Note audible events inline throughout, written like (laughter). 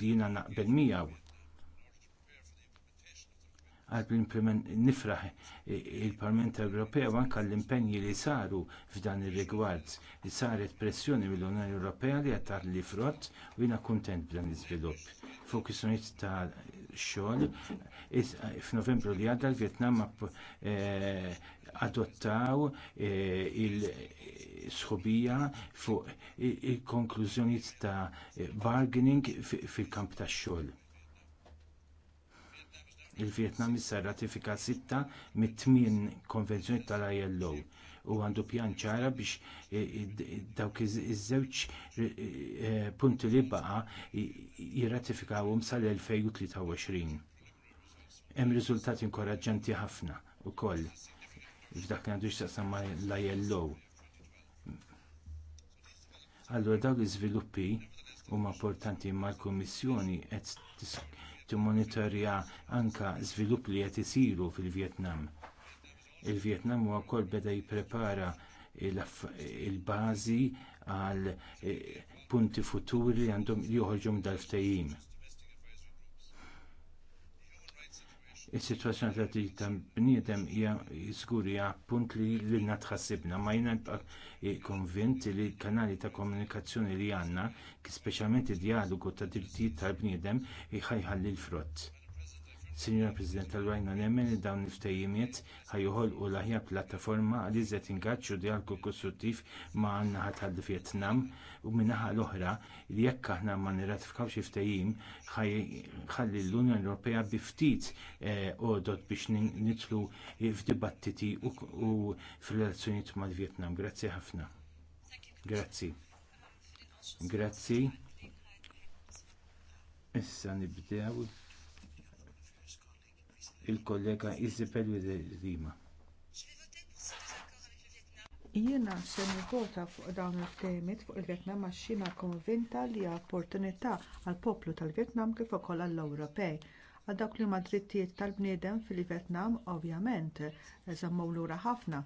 li jina naqbel miegħu primen nifraħ il-Parlament Ewropew anke l-impenji li saru f'dan il rigward li saret pressjoni mill-Unjoni Ewropea li għattar li frott u jina kontent b'dan il iżvilupp Fokusunit ta' xogħol, f'Novembru li għadda l vietnam eh, adottaw eh, il-sħobija fuq il konklużjonijiet ta' bargaining fil-kamp tax xogħol. Il-Vietnam issa rratifika sitta mit-tmien konvenzjoni tal-ILO u għandu pjan ċara biex eh, dawk iż-żewġ eh, punti li baqa jirratifikawhom sal-2023. Hemm riżultati inkoraġġanti ħafna ukoll f'dak għandu x'taqsam ma' l-ILO. Allura dawn l-iżviluppi huma importanti ma l-Kummissjoni qed timmonitorja anke żvilupp li qed isiru fil-Vjetnam. Il-Vjetnam huwa wkoll beda jipprepara il-bażi għal eh, punti futuri li għandhom joħorġu dal-ftehim. il-situazzjoni ta' dritt ta' bniedem hija skurija punt li lilna tħassibna ma jiena konvint li kanali ta' komunikazzjoni li għandna, speċjalment id-dialogu ta' drittijiet tal bniedem jħajħalli l-frott. Signora President tal-Wajna nemmen li dawn il-ftejjimiet ħajuħol u laħja plattaforma għal iżet ingaċċu dialku kostruttiv ma' naħa tal-Vietnam u minnaħa l-oħra li jekk aħna ma nirratifikaw xi ftehim ħalli l-Unjoni Ewropea bi ftit eh, għodot biex nitlu f'dibattiti u fil-relazzjonijiet mal-Vjetnam. Grazzi ħafna. Grazzi. Grazzi. Issa nibdew il-kollega Isabel Rima. Jiena se nivvota fuq dawn il-temit fuq il-Vjetnam għax jiena konvinta li hija opportunità għall poplu tal-Vjetnam kif ukoll għall-Ewropej għal dawk li drittijiet tal-bniedem fil-Vietnam ovvjament żammu lura ħafna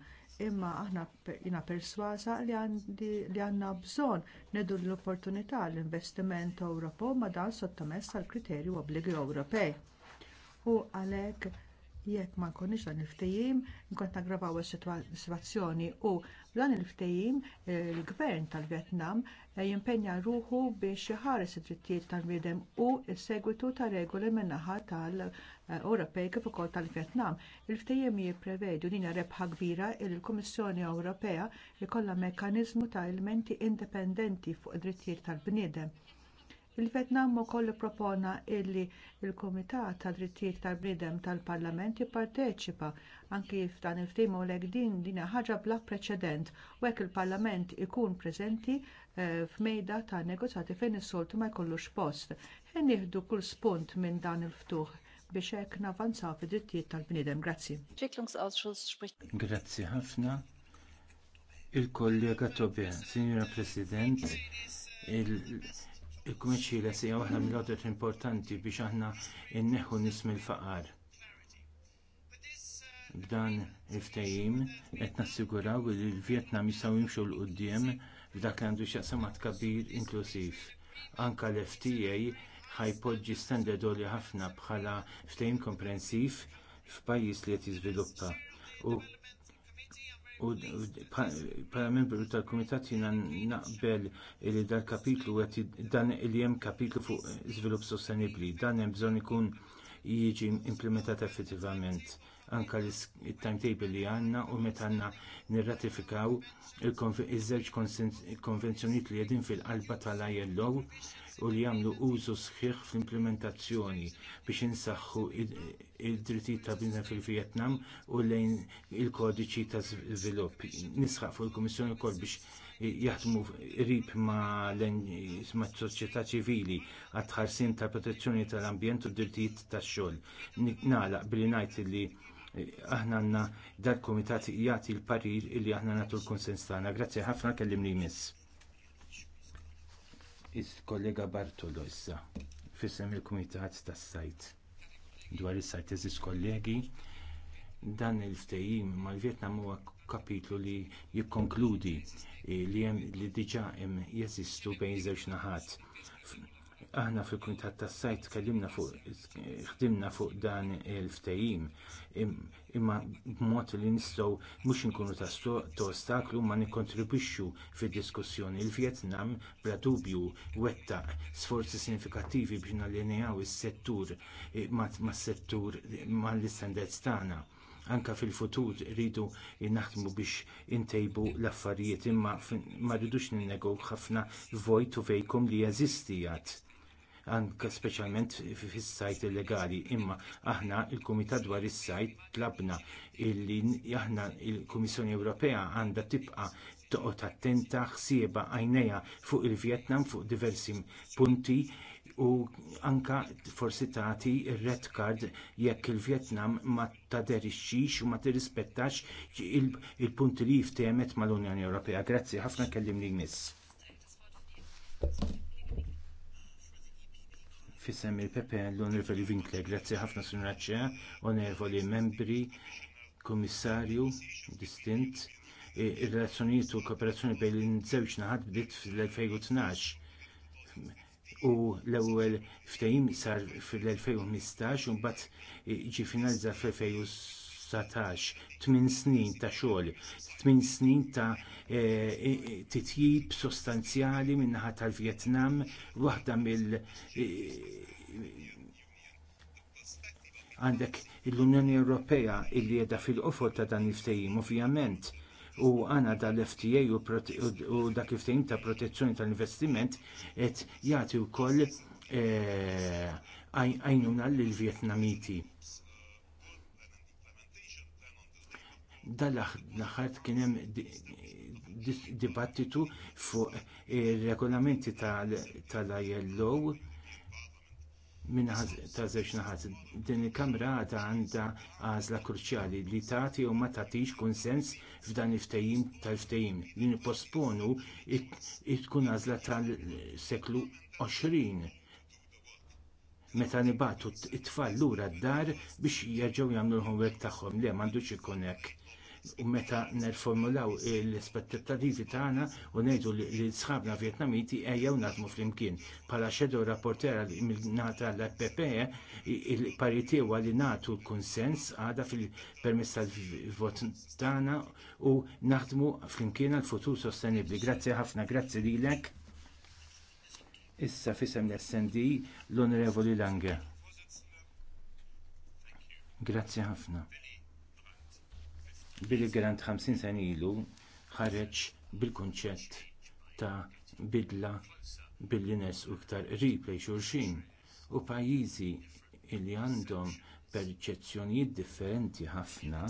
imma aħna jina perswasa li għandna bżonn nedu l-opportunità l-investiment Ewropew ma dan sottomess għal kriterju obbligi Ewropej u għalhekk jekk ma jkunx dan il-ftehim, nkont nagravaw is-sitwazzjoni u b'dan il-ftehim il-gvern tal-Vjetnam eh, jimpenja ruħu biex ħares id-drittijiet tal-bniedem u s-segwitu ta' regoli min-naħa tal-Ewropej kif ukoll tal-Vjetnam. Il-ftehim jipprevedu linja rebħa kbira il kummissjoni Ewropea jkollha mekkaniżmu ta' elementi indipendenti fuq id-drittijiet tal-bniedem Il-Vietnam ukoll propona illi l il kumitat tad Drittijiet tal-Bniedem tal-Parlament jipparteċipa anki f'dan il-ftehim u din din ħaġa bla preċedent u hekk il-Parlament ikun preżenti eh, f'mejda ta' negozjati fejn is-soltu ma jkollux post. Ħen nieħdu kull spunt minn dan il-ftuħ biex hekk navanzaw fid-drittijiet tal-bniedem. Grazzi. Grazzi ħafna. Il-kollega Tobin, Signora President, il il-kummerċi l sija waħda mill-għodet importanti biex aħna inneħu nism il-faqar. B'dan il-ftejim qed nassiguraw li l-Vjetnam jistgħu jimxu l-qudiem f'dak li għandu x'jaqsam kabir inklusiv. Anke l-FTA ħajpoġġi standard għoli ħafna bħala ftehim komprensiv f'pajjiż li qed jiżviluppa u U bħala membru tal-Kumitat jina naqbel li dal-kapitlu qed dan li jem kapitlu fuq żvilupp sostenibbli, dan hemm bżonn ikun jiġi implementat effettivament anke l-timetable li għandna u meta għandna nirratifikaw iż-żewġ konvenzjonijiet li qegħdin fil-qalba tal-ILO u li jagħmlu użu sħiħ fl-implementazzjoni biex insaħħu id-drittijiet ta' bina fil-Vjetnam u lejn il-kodiċi ta' żvilupp. Nisħaq fuq il-Kummissjoni wkoll biex jaħdmu rib ma soċjetà ċivili għat tħarsien tal protezzjoni tal-ambjent u d-dirtijiet tax-xogħol. Nagħlaq billi ngħid li aħna għandna dal-kumitat jagħti l-parir illi aħna nagħtu l-konsens tagħna. Grazzi ħafna kellimni miss is-kollega Bartolo issa fissem il-Kumitat tas-Sajt dwar is-sajt eżis kollegi dan il-ftehim mal-Vjetnam huwa kapitlu li jikkonkludi eh, li, li diġà hemm jeżistu bejn żewġ naħat Aħna fil kuntat tas-Sajt kellimna fuq ħdimna fuq dan il ftejim imma b'mod li nistgħu mhux inkunu ta' ostaklu ma nikkontribwixxu fid-diskussjoni. Il-Vjetnam bla dubju wettaq sforzi sinifikattivi biex nallinjaw is-settur mas-settur mal-istandard tagħna anka fil-futur rridu naħdmu biex intejbu l-affarijiet imma ma rridux ninnegaw ħafna vojt u fejkom li jeżisti jgħat anke speċjalment fis-sajt illegali. Imma aħna il-Kumitat dwar is-sajt tlabna illi aħna il-Kummissjoni Ewropea għandha tibqa' toqgħod attenta ħsieba għajnejha fuq il-Vjetnam fuq diversi punti u anka forsi tagħti red card jekk il-Vjetnam ma taderixxix u ma tirrispettax il-punti li jiftehmet mal-Unjoni Ewropea. Grazzi ħafna kellimni miss. Fissem il-Pepe l-Onorevoli Winkler, grazzi ħafna sunraċċa, onorevoli membri, komissarju, distint, e, ir-relazzjonijiet u kooperazzjoni bejn l-żewġ naħat bdiet fl-2012 u l-ewwel ftehim sar fil-2015 u mbagħad ġie finalizza fl-2016 2019, tmien snin ta' xogħol, tmien snin ta' eh, eh, titjib sostanzjali min-naħa tal-Vjetnam, waħda mill- eh, għandek l-Unjoni Ewropea illi qiegħda fil-qofol ta' dan il-ftehim, ovvjament u għana dal-FTA u, u dak il-ftehim ta' protezzjoni tal-investiment qed jagħti wkoll għajnuna e, lill-Vjetnamiti. dal-aħħar kien hemm dibattitu fuq ir-regolamenti tal-ILO minn ta' żewġ naħat. Din il-kamra għadha għandha għażla kruċjali li tagħti u ma tagħtix kunsens f'dan il-ftehim tal-ftehim li nipposponu tkun għażla tal-seklu 20 meta nibatu t-tfal lura d-dar biex jerġgħu jagħmlu l-homework tagħhom le m'għandux ikun hekk U meta nerformulaw l-aspettativi tagħna u ngħidu li sħabna Vjetnamiti ejjew naħdmu flimkien. Pala xedu rapportera nata l-PPE il-pariti huwa li nagħtu l-kunsens għada fil-permess tal-vot tagħna u naħdmu flimkien għal-futur sostenibbli. Grazzi ħafna, grazzi lilek. Issa fisem l-SND l-Onorevoli Lange. Grazzi ħafna. Billy Grant 50 sen ilu ħareġ bil-kunċett ta' bidla billi u ktar qrib lejn xulxin u pajjiżi li għandhom perċezzjonijiet differenti ħafna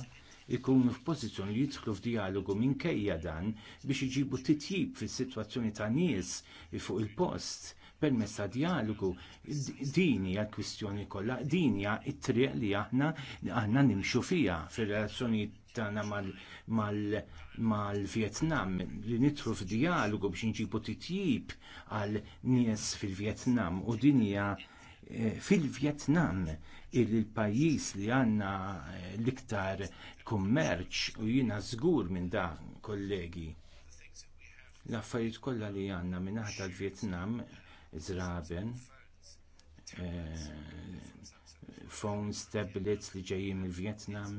ikunu f'pożizzjoni li jidħlu f'dialogu minkejja dan biex iġibu titjib fis-sitwazzjoni ta' nies fuq il-post permezz ta' dialogu. Din hija kwistjoni kollha, din hija t triq li aħna aħna nimxu fiha fir-relazzjonijiet tagħna mal-Vjetnam li nidħlu f'dialogu biex inġibu titjib għal nies fil-Vjetnam u din hija eh, fil-Vjetnam il-pajjiż li għandna eh, l-iktar kummerċ u jiena żgur minn da kollegi. L-affarijiet kollha li għandna minn aħta l-Vjetnam żraben eh, phones, tablets li ġejjin mill-Vjetnam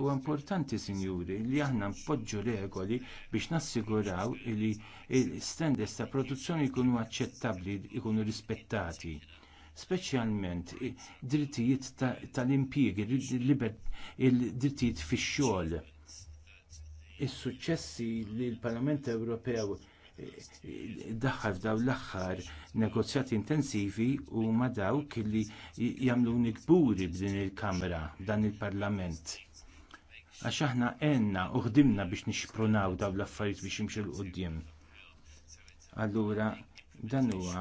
U importanti, sinjuri, li aħna npoġġu regoli biex nassiguraw li l-standards ta' produzzjoni jkunu aċċettabbli, jkunu rispettati. Speċjalment drittijiet tal-impjieg, il-drittijiet fix-xogħol. Is-suċċessi li l-Parlament Ewropew daħħal f'dawn l-aħħar negozjati intensivi huma dawk li jagħmlu nikburi b'din il-Kamra, b'dan il-Parlament. il kamra dan il parlament Għax aħna għenna u ħdimna biex nixpronaw dawn l-affarijiet biex jimxu l-qoddim. Allura, dan huwa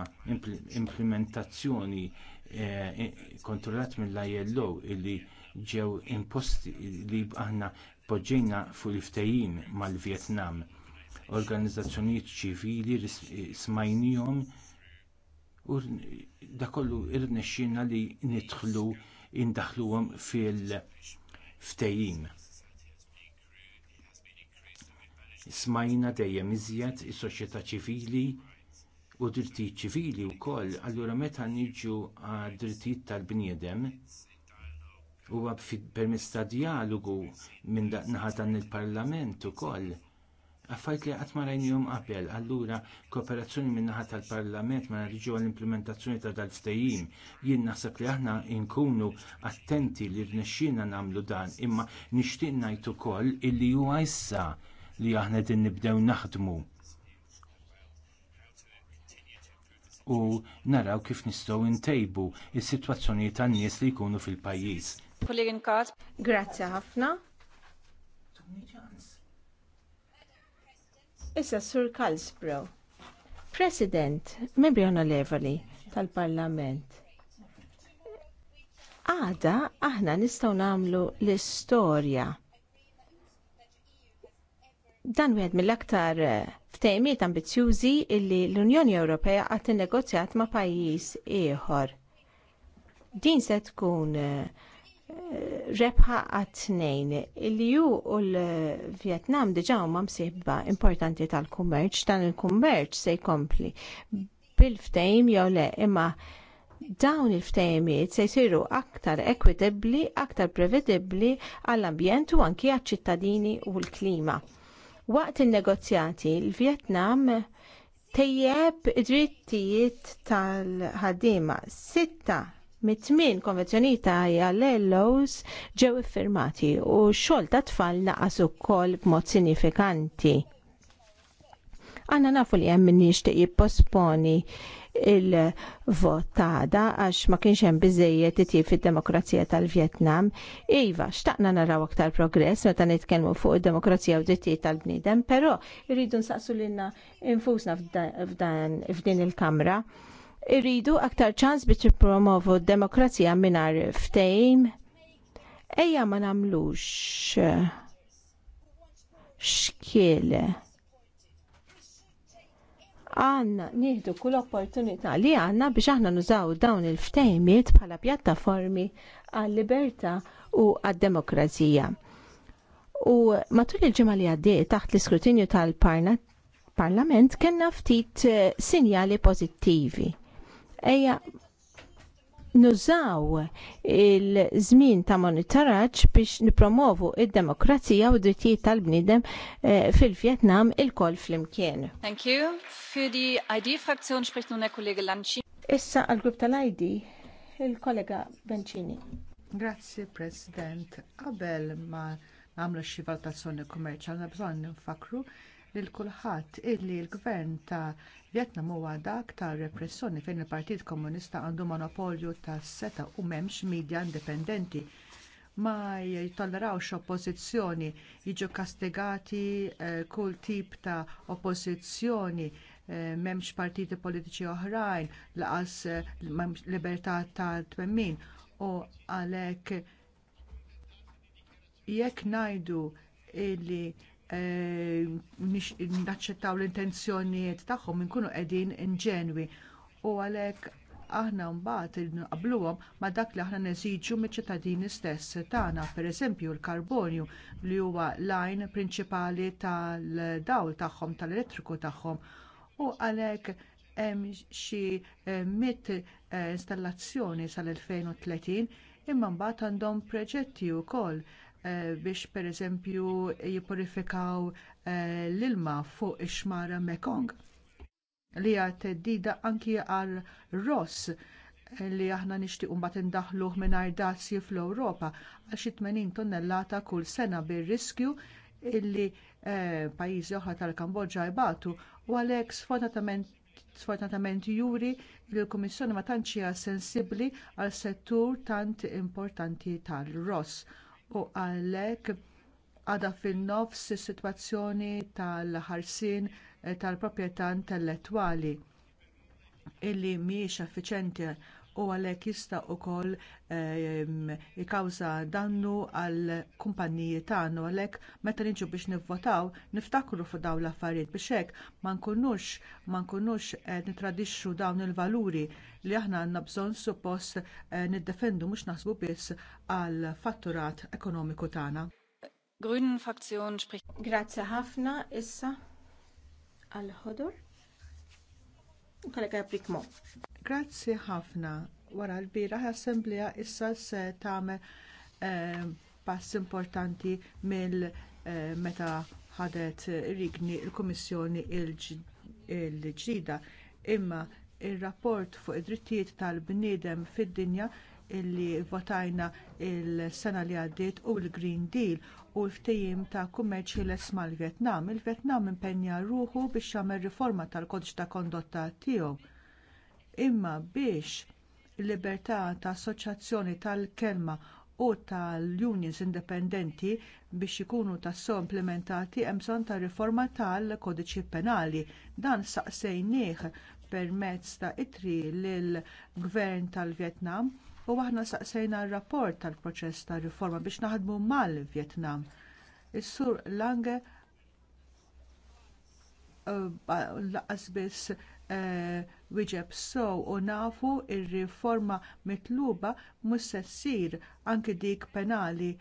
implementazzjoni eh, kontrollat mill-ILO illi ġew imposti li aħna poġġejna fuq il-ftehim mal-Vjetnam. Organizzazzjonijiet ċivili smajnijom u dakollu irnexxina li nidħlu indaħluhom fil-ftehim smajna dejjem iżjed is-soċjetà ċivili u drittijiet ċivili wkoll, allura meta niġu għad drittijiet tal-bniedem huwa permezz ta' dijalogu minn naħa dan il-Parlament ukoll. Affajt li qatt ma rajnihom qabel, allura kooperazzjoni min naħa tal-Parlament ma nariġu għall-implementazzjoni ta' dal-ftehim. Jien naħseb li aħna nkunu attenti li rnexxina nagħmlu dan, imma nixtieq ngħid ukoll illi huwa issa li aħna din nibdew naħdmu. U naraw kif nistgħu ntejbu is-sitwazzjoni tan-nies li jkunu fil-pajjiż. Kollegin Kat. Grazzi ħafna. Issa Sur Kalsbro, President, membri onorevoli tal-Parlament. Għada aħna nistgħu nagħmlu l-istorja Dan wieħed mill-aktar eh, ftehimiet ambizzjużi illi l-Unjoni Ewropea qatt innegozjat ma' pajjiż ieħor. Din se tkun eh, rebħa għat-tnejn. illi ju u l-Vietnam diġa huma msibba importanti tal-kummerċ, dan il-kummerċ se jkompli bil-ftejm jew le imma dawn il ftehimiet se jsiru aktar ekwitabbli, aktar prevedibbli għall-ambjent u anki għaċ-ċittadini u l-klima. Waqt il-negozjati, il-Vietnam tejjeb drittijiet tal-ħaddiema. Sitta mit-tmin konvenzjoni ta' jallellows ġew iffirmati u xogħol ta' tfal naqas ukoll b'mod sinifikanti għanna nafu li jemmin minni jipposponi il-votada għax ma kienx hemm biżejjed titjib fid-demokrazija tal-Vjetnam. Iva, xtaqna naraw aktar progress meta nitkellmu fuq id-demokrazija u drittijiet tal-bniedem, però irridu nsaqsu lilna infusna f'din il-Kamra. Irridu aktar ċans biex tippromovu d-demokrazija mingħajr ftehim. Ejja ma nagħmlux xkiele għanna nieħdu kull opportunità li għanna biex aħna nużaw dawn il-ftejmiet bħala pjattaformi għal-libertà u għad-demokrazija. U matul il-ġimgħa li għaddiet taħt l-iskrutinju tal-Parlament kellna ftit eh, sinjali pożittivi. Ejja nużaw il-żmien ta' monitoraġġ biex nipromovu id-demokrazija u d-drittijiet tal-bniedem eh, fil-Vjetnam il-koll flimkien. Thank you. Für die ID-Fraktion spricht nun der Kollege Lanci. Issa għal-grupp tal-ID il-kollega Bencini. Grazzi, President. Qabel ma' għamlu xivaltazzjoni valutazzjoni kummerċjali bżonn nfakru lil kulħadd illi l-gvern ta' Vjetnam huwa dak ta' repressjoni fejn il-Partit Komunista għandu monopolju tas seta' u m'hemmx midja indipendenti ma jittollerawx oppożizzjoni jiġu kastigati eh, kull tip ta' oppożizzjoni eh, m'hemmx partiti politiċi oħrajn laqas eh, libertà ta' twemmin u għalhekk jekk ngħidu illi Eh, naċċettaw l-intenzjonijiet tagħhom inkunu qegħdin inġenwi u għalhekk aħna mbagħad nqabluhom ma dak li aħna neżiġu miċ-ċittadini stess tagħna, pereżempju l-karbonju li huwa l-għajn prinċipali tal-dawl tagħhom tal-elettriku tagħhom. U għalhekk hemm xi eh, mit eh, installazzjoni sal-2030 imma mbagħad għandhom proġetti wkoll Eh, biex pereżempju jippurifikaw eh, l-ilma fuq ix-xmara Mekong li hija teddida anki għal Ross eh, li aħna nixtiequ mbagħad indaħluh mingħajr dazzi fl-Ewropa għal xi 80 tonnellata kull sena bir-riskju illi pajjiżi oħra tal-Kambodġa jbatu u għalhekk sfortunatament juri li l-Kummissjoni ma tantx hija sensibbli għal settur tant importanti tal-Ross u għalhekk għadha fin-nofs is-sitwazzjoni tal-ħarsien eh, tal-proprjetà intellettwali illi mhijiex effiċenti u għalhekk jista' wkoll ehm, jikkawża dannu għall kumpanniji tagħna għalhekk meta niġu biex nivvotaw niftakru fuq dawn l-affarijiet biex hekk ma nkunux ma nkunux nitradixxu dawn il-valuri li aħna għandna bżonn suppost eh, niddefendu mhux naħsbu biss għal fatturat ekonomiku tagħna. Grünen Fraktion spricht. Grazie ħafna issa għal ħodur. Kollega Prikmo. Grazie ħafna. Wara l-bira l-Assemblea issa se tagħmel eh, pass importanti mill eh, meta ħadet rigni l kummissjoni il-ġdida imma ir-rapport fuq id-drittijiet tal-bniedem fid-dinja illi votajna l il sena li għaddiet u l-Green Deal u l-ftejim ta' kummerċi lest mal vjetnam Il-Vietnam impenja ruħu biex jagħmel riforma tal-kodġ ta' kondotta tiegħu. Imma biex il-libertà ta' assoċjazzjoni tal-kelma u tal-unions indipendenti biex ikunu tassew implementati hemm bżonn ta' riforma tal-kodiċi penali. Dan saqsejnieh permezz ta' itri lill gvern tal-Vjetnam u aħna saqsejna r-rapport tal-proċess ta' riforma biex naħdmu mal-Vjetnam. Is-sur Lange uh, laqas biss uh, wieġeb sow u nafu r riforma mitluba mhux se ssir anki dik penali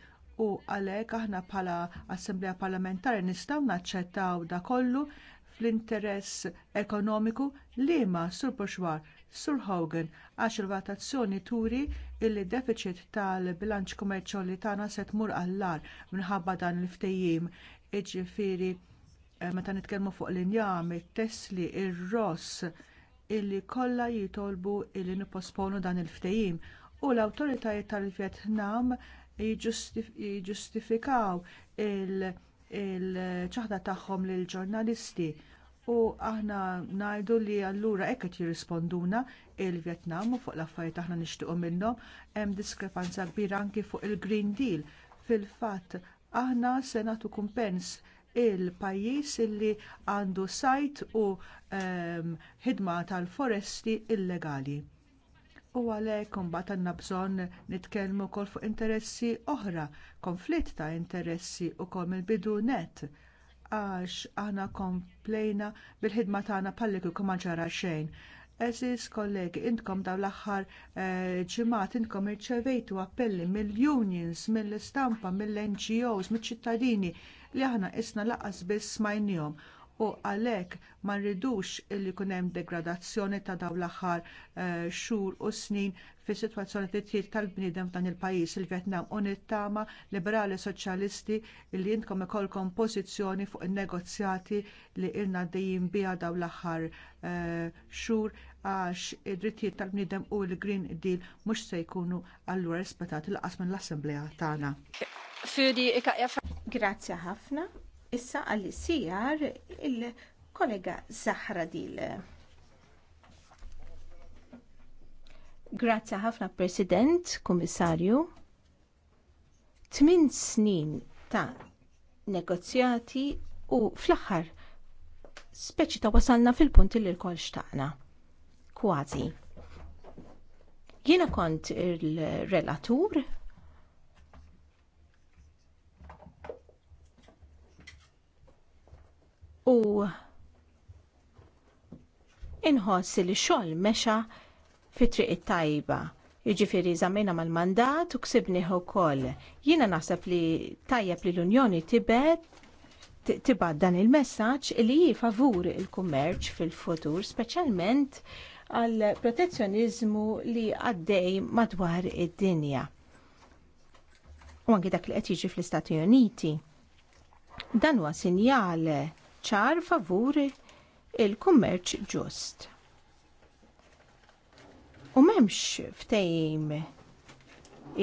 u għalhekk aħna bħala Assemblea Parlamentari nistgħu naċċettaw da kollu fl-interess ekonomiku liema sur Poxwar, sur Hogan, għax il vatazzjoni turi illi deficit tal-bilanċ kummerċjali tagħna se tmur għall-lar minħabba dan il-ftejjim iġifieri eh, meta nitkellmu fuq l-injam, it-tesli, ir-ross illi kollha jitolbu illi nipposponu dan il-ftejjim u l-awtoritajiet tal-Vjetnam jiġġustifikaw il- il-ċaħda tagħhom lill ġurnalisti u aħna ngħidu li allura hekk qed jirrisponduna il-Vjetnam u fuq l-affarijiet aħna nixtiequ minnhom hemm diskrepanza kbira anki fuq il-Green Deal. Fil-fatt aħna se nagħtu kumpens il-pajjiż illi għandu sajt u ehm, ħidma tal-foresti illegali. U għalhekk imbagħad għandna bżonn nitkellmu wkoll fuq interessi oħra, konflitt ta' interessi wkoll mill bidu net għax aħna komplejna bil-ħidma tagħna palliku ma ġara xejn. Eżis kollegi, intkom dawn l-aħħar eh, ġimgħat intkom irċevejtu appelli mill-unions, mill-istampa, mill-NGOs, mill-ċittadini li aħna isna laqas biss smajnihom u għalhekk ma rridux li jkun hemm degradazzjoni ta' dawn l-aħħar eh, xhur u snin fis-sitwazzjoni titjir tal-bniedem f'dan il-pajjiż il-Vjetnam u nittama liberali soċjalisti li intkom ikolkom pożizzjoni fuq in-negozjati li ilna dejjin biha dawn l-aħħar eh, xhur għax id-drittijiet tal-bniedem u l-Green Deal mhux se jkunu allura rispettati l-qasmin l assemblea tagħna. E Grazzi ħafna. Issa għall-sijar il-kollega Zahra Dil. Grazie ħafna President, Kummissarju. Tmin snin ta' negozjati u fl-aħħar speċi ta' wasalna fil-punti li l-kol xtaqna. Kważi. Jiena kont il-relatur u inħoss li xogħol mexa fi triq it-tajba. Jiġifieri żammejna mal-mandat u ksibniħ ukoll. Jiena naħseb li tajjeb li l-Unjoni Tibet tibad dan il-messaġġ li hi favur il-kummerċ fil-futur, speċjalment għal protezzjonizmu li għaddej madwar id-dinja. U anki dak li qed jiġi fl-Istati Uniti. Dan huwa sinjal ċar favuri il-kummerċ ġust. U memx ftejim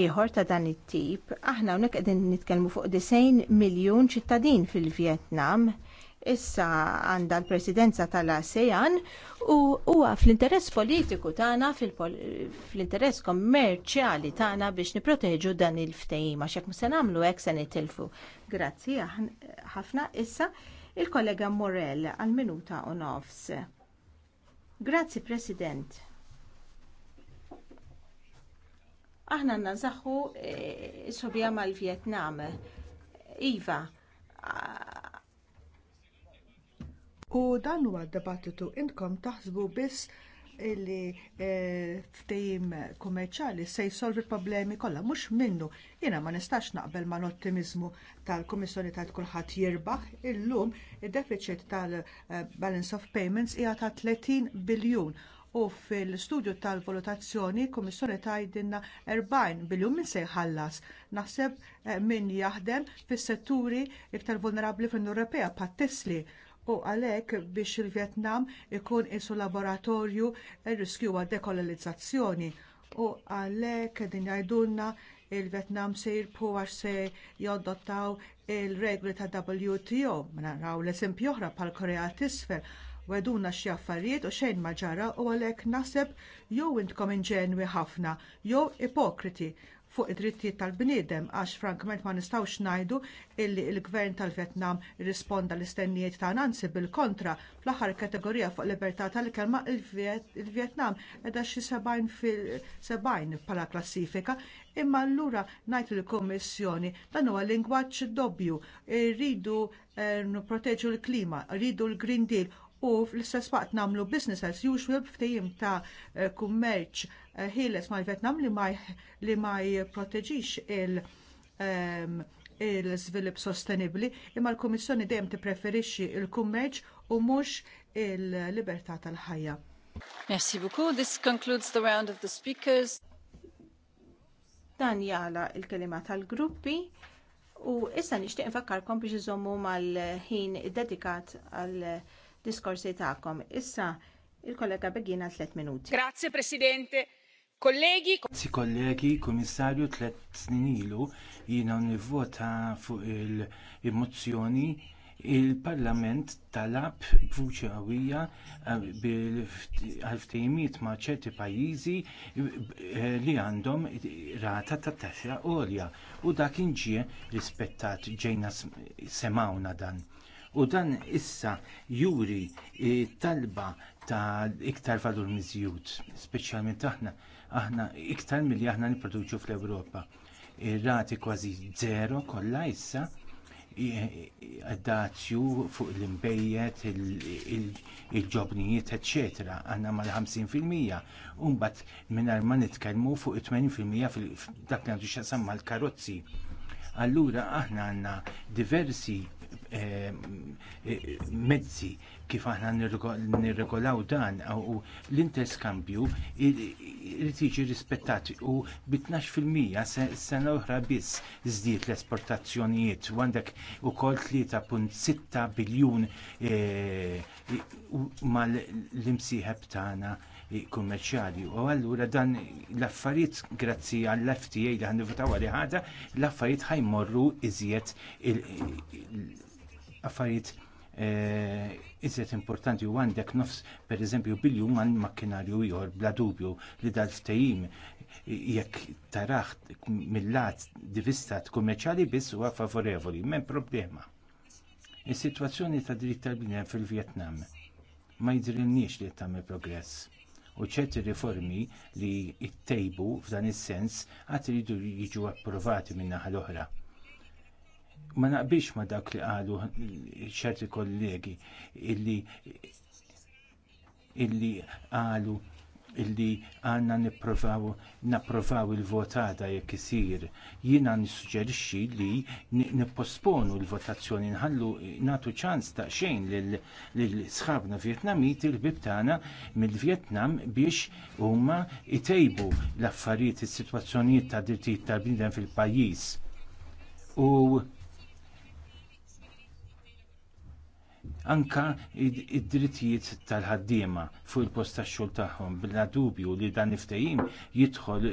ieħor ta' dan it-tip, aħna hawnhekk qegħdin nitkellmu fuq 90 miljun ċittadin fil-Vjetnam issa għandha l-presidenza tal-ASEAN u huwa fl-interess politiku tagħna fl-interess kommerċjali tagħna biex nipproteġu dan il-ftehim għax jekk se nagħmlu hekk se nitilfu. Grazzi ħafna issa il-kollega Morell għal minuta u nofs. Grazzi President. Aħna nazaxu e, sobja mal-Vietnam. Iva, U dan huwa d-debattitu intkom taħsbu biss illi eh, ftehim kummerċali se jsolvi problemi kollha mhux minnu. Jiena ma nistax naqbel mal l-ottimizmu tal-Kummissjoni tal kulħadd jirbaħ illum id-deficit tal-Balance eh, of Payments hija ta' 30 biljun u fil-studju tal-valutazzjoni kummissjoni tgħidilna 40 biljun min se jħallas. Naħseb eh, min jaħdem fis-setturi iktar vulnerabbli fl-Ewropea pat tisli u għalhekk biex il-Vjetnam ikun isu laboratorju riskju għad dekolonizzazzjoni u għalhekk din jgħidulna il-Vietnam se jirpu għax se joddottaw il-regli ta' WTO. Naraw l-eżempju oħra pal korea t u weduna xi affarijiet u xejn ma ġara u għalhekk naħseb jew intkom inġenwi ħafna jew ipokriti fuq id-drittijiet tal-bniedem għax frankment ma nistgħux ngħidu illi l-gvern tal-Vjetnam risponda l-istennijiet ta' Nancy bil-kontra fl-aħħar kategorija fuq libertà tal-kelma il-Vjetnam edha xi sebajn fil-70 bħala klassifika imma allura ngħid il-Kommissjoni dan huwa lingwaġġ dobbju rridu eh, proteġu l-klima, rridu l-Green Deal u fl-istess waqt nagħmlu business as usual f'tejjim ta' eh, kummerċ ħiles mal-Vietnam li ma li ma jproteġix il- um, ehm, il-svilup sostenibli, imma l-Komissjoni dejjem tippreferixxi l kummerċ u mhux il-libertà tal-ħajja. Merci beaucoup. This concludes the round of the speakers. Dan jala il-kelima tal-gruppi u issa nixtieq infakkarkom biex iżommu mal-ħin dedikat għal diskorsi tagħkom. Issa il-kollega Begina tliet minuti. Grazie Presidente. Kollegi, si kollegi, komissarju tlet snin ilu jina nivvota fuq il-mozzjoni il-Parlament talab b'vuċi qawwija eh, bil ftejmiet ma' ċerti pajjiżi eh, li għandhom rata ta' taxxa għolja u dak ġie rispettat ġejna semawna dan. U dan issa juri eh, talba ta' iktar valur miżjud, speċjalment aħna aħna iktar milli aħna nipproduċu fl-Ewropa. Ir-rati kważi zero kollha issa dazju fuq l-imbejjet, il-ġobnijiet, etc. Għanna mal-50% unbat minnar ma nitkelmu fuq 80% fil-dak li għandu xasam mal-karozzi. Allura aħna għanna diversi eh, eh, mezzi kif aħna nirregolaw dan u l-interskambju irid jiġi rispettat u bi 12% se sena oħra biss żdied l-esportazzjonijiet u għandek ukoll 3.6 biljun e, mal-imsieħeb tagħna e, kummerċjali. U allura dan l-affarijiet grazzi għall-FTA li ħannivutaw għali ħada, l-affarijiet ħajmorru iżjed affarijiet Eh, iżet importanti u għandek nofs, per eżempju, biljum għan makkinarju ieħor bla dubju li dal ftehim jekk taraħ mill-lat divistat kummerċali biss huwa favorevoli, men problema. Is-sitwazzjoni ta' dritt tal-bnien fil-Vjetnam ma jidrilniex li tagħmel progress u ċerti riformi li ttejbu f'dan is-sens għad iridu jiġu approvati min-naħa l-oħra ma naqbilx ma dak li qalu ċerti kollegi illi illi għalu illi għanna niprofaw il-votada jekk isir. Jiena nissuġġerixxi li nipposponu l-votazzjoni nħallu natu ċans ta' xejn l sħabna Vjetnamiti l-bib tagħna mill-Vjetnam biex huma itejbu l-affarijiet is-sitwazzjonijiet ta' drittijiet ta' bniedem fil-pajjiż. U anka id-drittijiet tal-ħaddiema fuq il-post tax-xogħol tagħhom bla dubju li dan iftehim jidħol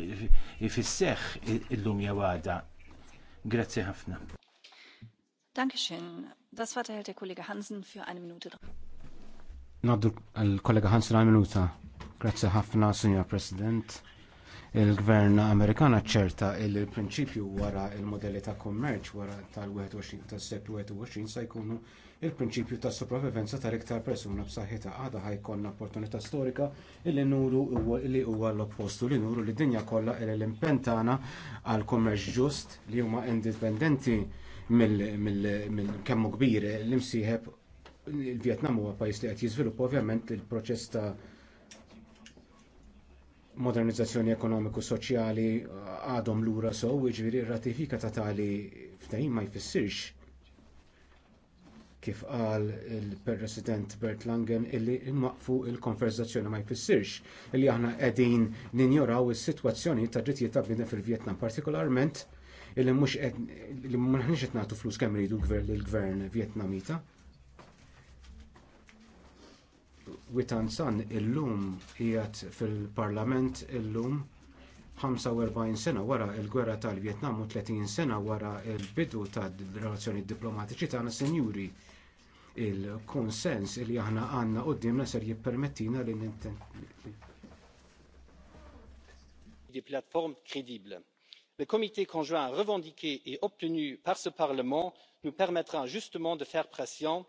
ifisseħ illum jew għada. Grazzi ħafna. Dankeschön. Das war der Kollege Hansen für eine Minute. Naddu l-kollega Hansen għal minuta. Grazzi ħafna, Signor President il-gvern Amerikan ċerta il prinċipju wara l modelli ta' kommerċ wara tal-21 tas-seklu 21 se jkunu il-prinċipju ta' sopravivenza ta' iktar persuna b'saħħitha għadha ħajkonna opportunità storika illi nuru li huwa l-oppostu li nuru li dinja kollha l impentana tagħna għal kummerċ ġust li huma indipendenti mill-kemmu kbir l-imsieħeb il-Vjetnam huwa pajjiż li qed jiżviluppa ovvjament il-proċess ta' modernizzazzjoni ekonomiku soċjali għadhom lura sew, jiġifieri r-ratifika ta' tali ftehim ma jfissirx kif qal il-President Bert Langen illi nwaqfu l il konverzazzjoni ma jfissirx illi aħna qegħdin ninjoraw is-sitwazzjoni ta' drittijiet ta' bniedem fil-Vjetnam partikolarment illi mhux li m'aħniex qed nagħtu flus kemm iridu l-gvern Vjetnamita. Witan San illum qiegħed fil-Parlament illum 45 sena wara l gwerra tal-Vjetnam u 30 sena wara l-bidu tad relazzjoni diplomatiċi tagħna sinjuri il-konsens li aħna għandna qudiemna ser jippermettina li des plateformes crédibles. Le comité conjoint revendiqué et obtenu par ce Parlement nous permettra justement de faire pression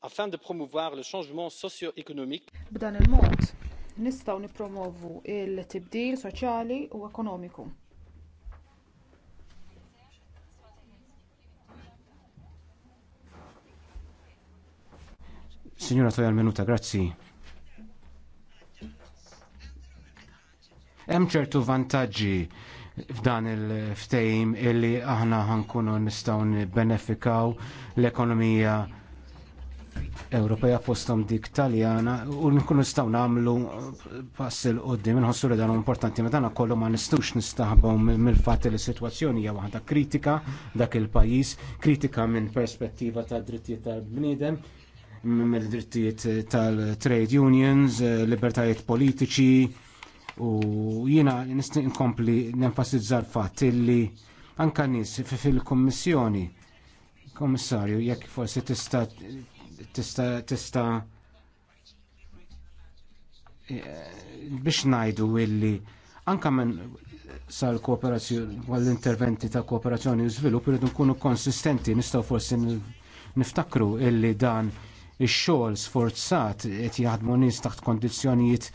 afin de promouvoir le changement socio-économique. B'dan il-mod nistgħu nipromovu il-tibdil soċjali u ekonomiku. Signora Toja minuta grazzi. Hemm ċertu vantaġġi f'dan il-ftejm illi aħna ħankunu nistgħu nibbenefikaw l-ekonomija Ewropea postom dik Taljana u nkunu nistgħu nagħmlu pass il qoddim inħossu li dan importanti meta dan kollu ma nistgħux nistaħbu mill-fatt li s-sitwazzjoni hija waħda kritika dak il-pajjiż, kritika minn perspettiva ta' drittijiet tal-bniedem, mill-drittijiet tal-trade unions, libertajiet politiċi u jiena nistin inkompli nenfasizza l-fatt illi anka nis fil-kommissjoni kommissarju jekk forsi tista tista tista biex ngħidu illi anka minn sal kooperazzjoni għall-interventi ta' kooperazzjoni u żvilupp irridu nkunu konsistenti nistgħu forsi niftakru illi dan ix-xogħol sforzat qed jaħdmu nies taħt kundizzjonijiet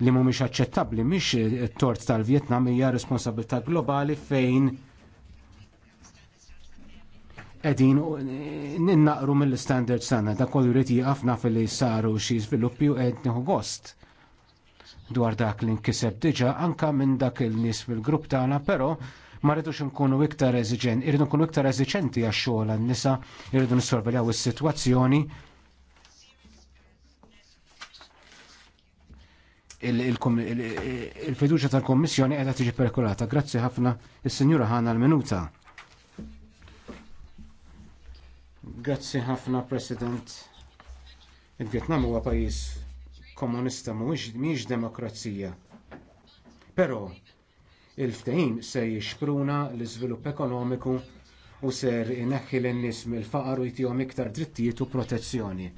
li mhumiex aċċettabbli mhix tort tal-Vjetnam hija responsabilità globali fejn edin ninnaqru mill-standard sana, da kollu jrid jgħafna fil-li saru xi sviluppi u qed nieħu gost. Dwar dak li nkiseb diġa anka minn dak il-nies fil-grupp tagħna, però ma rridux nkunu iktar eżiġenti, irridu nkunu iktar eżiġenti għax-xogħol għan-nisa, irridu nissorveljaw is-sitwazzjoni il-fiduċa tal-Kommissjoni qiegħda tiġi perkolata. Grazzi ħafna is-Sinjura ħana l-minuta. Grazzi ħafna President. Il-Vjetnam huwa pajjiż komunista mhuwiex demokrazija. Però il-ftehim se jixpruna l-iżvilupp ekonomiku u ser ineħħi l-nies mill-faqar u jtihom iktar drittijiet u protezzjoni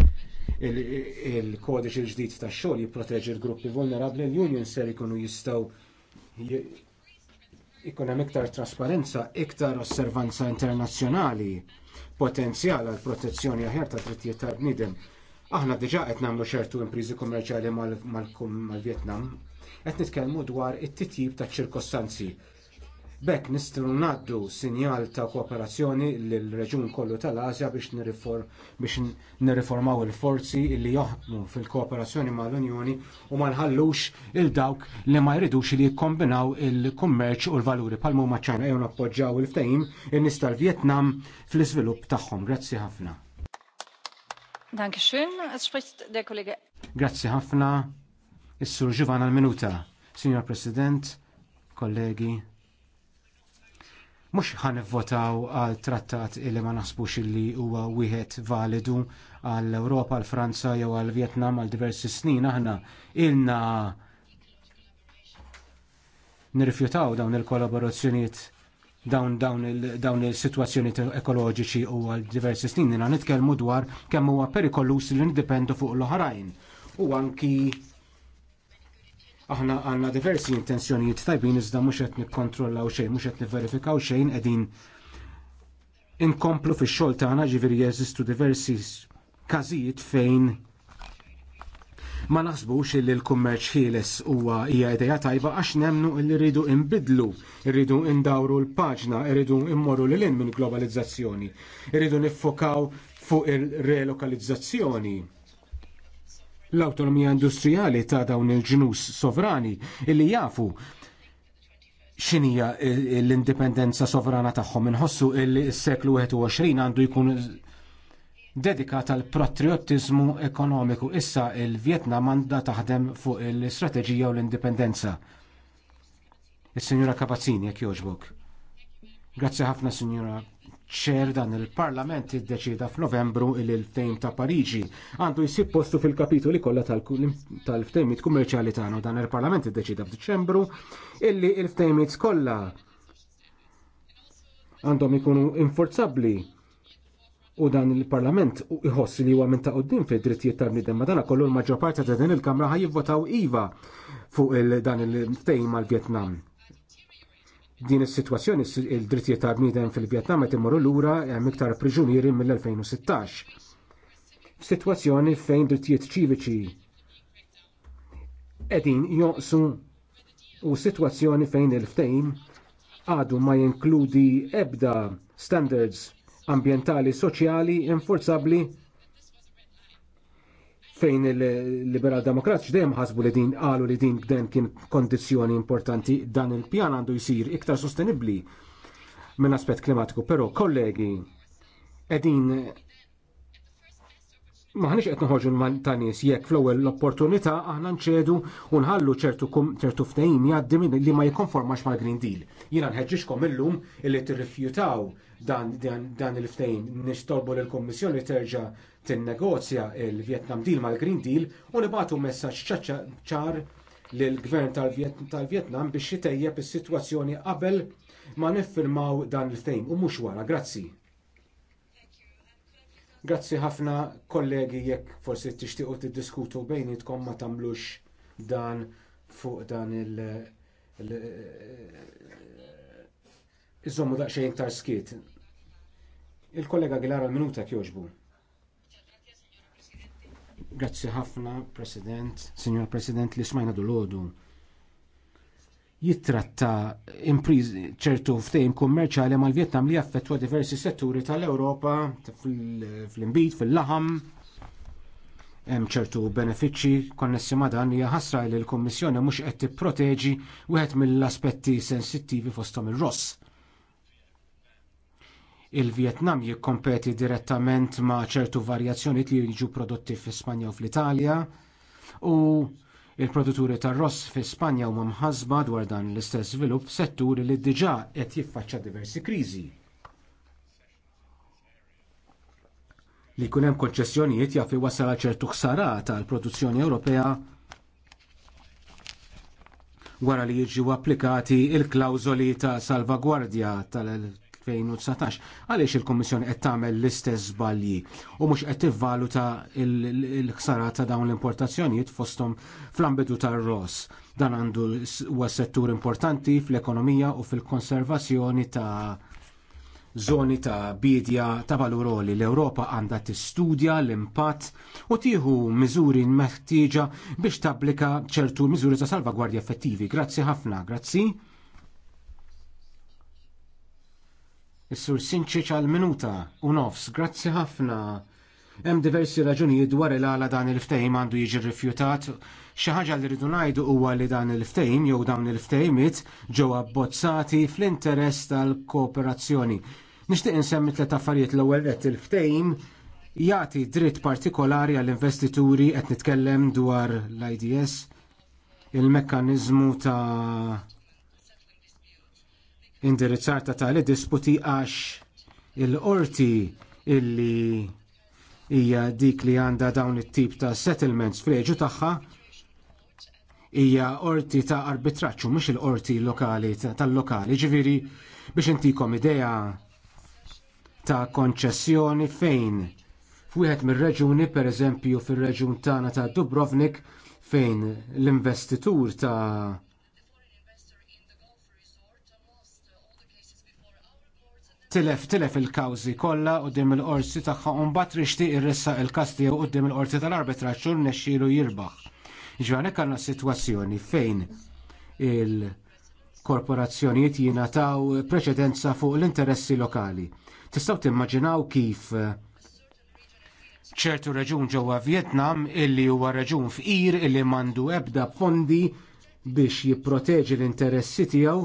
il-kodiċ il-ġdid tax xogħol jipproteġi l-gruppi vulnerabbli l-union ser ikunu jistgħu ikun hemm iktar trasparenza, iktar osservanza internazzjonali, potenzjal għal protezzjoni aħjar ta' drittijiet tal-bniedem. Aħna diġà qed nagħmlu ċertu impriżi kummerċjali mal-Vjetnam, qed nitkellmu dwar it-titjib taċ ċirkostanzi B'hekk nistru naddu sinjal ta' kooperazzjoni l-reġun kollu tal-Asja biex nirriformaw il-forzi li joħdmu fil-kooperazzjoni mal-Unjoni u ma nħallux il-dawk li ma jridux li jikkombinaw il-kummerċ u l-valuri palmu maċċana jgħu appoġġaw il-ftajim in-nies tal-Vjetnam fl-iżvilupp tagħhom. Grazzi ħafna. Danke es spricht der Kollege. Grazzi ħafna. Is-Sur Giovanna l-Minuta. Signor President, kollegi, mhux ħan votaw għal trattat illi ma naħsbux illi huwa wieħed validu għall Ewropa, għal Franza jew għal Vjetnam għal diversi snin aħna ilna nirrifjutaw dawn il-kollaborazzjonijiet dawn dawn dawn il-sitwazzjoni ekoloġiċi u għal diversi snin nina nitkellmu dwar kemm huwa perikolus li nindipendu fuq l-oħrajn u anki aħna għandna diversi intenzjonijiet tajbin iżda mhux qed nikkontrollaw xejn, mhux qed nivverifikaw xejn qegħdin inkomplu fix-xogħol tagħna ġifieri jeżistu diversi każijiet fejn ma naħsbux li l-kummerċ ħieles huwa hija idea tajba għax nemnu li rridu imbidlu, rridu indawru l-paġna, rridu immorru lil hinn minn globalizzazzjoni, rridu niffokaw fuq ir relokalizzazzjoni l-autonomija industrijali ta' dawn il-ġnus sovrani illi jafu xinija l-indipendenza sovrana tagħhom inħossu il-seklu 21 għandu jkun dedikat għal patriottizmu ekonomiku. Issa il-Vjetnam għandha taħdem fuq il-strateġija u l-indipendenza. is senjura Kapazzini, jekk jogħġbok. Grazzi ħafna, Senjura ċer dan il-Parlament id-deċida f'Novembru il-ftejm ta' Pariġi. Għandu jisib postu fil-kapitoli kollha tal-ftejmit kummerċjali tagħna dan il-Parlament iddeċida f'Diċembru illi il-ftejmit kollha għandhom ikunu inforzabbli u dan il-parlament iħoss li huwa minn ta' qoddim fi drittijiet tal-bniedem ma dana kollu l-maġġor parti ta' din il-Kamra ħajjivvotaw iva fuq dan il-ftejn mal-Vjetnam din is-sitwazzjoni il-drittijiet ta' bniedem fil-Vjetnam qed imorru lura hemm iktar priġunieri mill-2016. F'sitwazzjoni fejn drittijiet ċiviċi qegħdin joqsu u sitwazzjoni fejn il-ftejn għadu ma jinkludi ebda standards ambjentali soċjali enforzabbli fejn il-liberal demokratiċi dejjem ħasbu li din qalu li din dan kien kondizzjoni importanti dan il-pjan għandu jsir iktar sostenibbli minn aspett klimatiku, però kollegi qegħdin maħniex qed noħorġu ta' nies jekk fl-ewwel l-opportunità aħna nċedu u nħallu ċertu ċertu ftehim jgħaddi li ma jikkonformax mal-Green Deal. Jiena nħeġġixkom illum illi tirrifjutaw dan, dan, il-ftehim nixtolbu lill kummissjoni terġa' tinnegozja l vietnam Deal mal-Green Deal u nibatu messaġġ ċar lill gvern tal-Vjetnam biex jitejjeb is-sitwazzjoni qabel ma niffirmaw dan il-ftehim u mhux wara. Grazzi. Grazzi ħafna kollegi jekk forsi tixtiequ tiddiskutu bejnietkom ma tagħmlux dan fuq dan il- Iżommu daqsxejn tar skiet. Il-kollega Gilara l minuta kjoġbu. Grazzi ħafna, President, Signor President, li smajna dolodu jittratta ċertu ftehim kummerċali mal-Vjetnam li jaffettwa diversi setturi tal-Ewropa fl-imbit, fil-laħam, hemm ċertu benefiċċji konnessi ma' dan hija ħasra li l-Kummissjoni mhux qed tipproteġi wieħed mill-aspetti sensittivi fosthom ir-Ross. Il-Vjetnam jikkompeti direttament ma' ċertu varjazzjonijiet li jiġu prodotti fi Spanja u fl-Italja u Il-produtturi tar ross fi Spanja huma mħasba dwar dan l-istess żvilupp settur li diġà qed jiffaċċa diversi kriżi. Li jkun hemm konċessjonijiet jaf wasal għal ċertu ħsara għall produzzjoni Ewropea wara li jiġu applikati l klawżoli ta' salvagwardja tal 2019 għaliex il-Kommissjoni qed tagħmel l-istess żbalji u mhux qed tivvaluta l-ħsara ta' dawn l-importazzjonijiet fosthom fl ambidu tar-Ross. Dan għandu huwa settur importanti fl-ekonomija u fil-konservazzjoni ta' zoni ta' bidja ta' valuroli l-Ewropa għandha tistudja l-impatt u tieħu miżuri meħtieġa biex tapplika ċertu miżuri ta' salvagwardja effettivi. Grazzi ħafna, grazzi. Is-sur Sinċiċ għal minuta u nofs, grazzi ħafna. Hemm diversi raġunijiet dwar il għala dan il-ftehim għandu jiġi rifjutat. Xi ħaġa li rridu ngħidu huwa li dan il-ftehim jew dawn il-ftehimiet ġew abbozzati fl-interess tal-kooperazzjoni. Nixtieq insemmi tliet affarijiet l-ewwel qed il-ftehim jagħti dritt partikolari għall-investituri qed nitkellem dwar l-IDS il mekkaniżmu ta' indirizzar ta' tali disputi għax il-qorti illi hija dik li għandha dawn it-tip ta' settlements fl-eġu tagħha hija qorti ta' arbitraċċju mhux il-qorti lokali tal-lokali, ġifieri biex intikom idea ta' konċessjoni fejn f'wieħed mir-reġuni pereżempju fir-reġun tagħna ta' Dubrovnik fejn l-investitur ta' tilef tilef il-kawzi kollha dim il-qorsi tagħha u mbagħad rixtieq irressa il-każ tiegħu qudiem il-qorti tal-arbitraġġu nexxielu jirbaħ. Ġifier hekk għandna sitwazzjoni fejn il-korporazzjonijiet jingħataw preċedenza fuq l-interessi lokali. Tistgħu timmaġinaw kif ċertu reġun ġewwa Vjetnam illi huwa reġun fqir illi mandu ebda fondi biex jipproteġi l-interessi tiegħu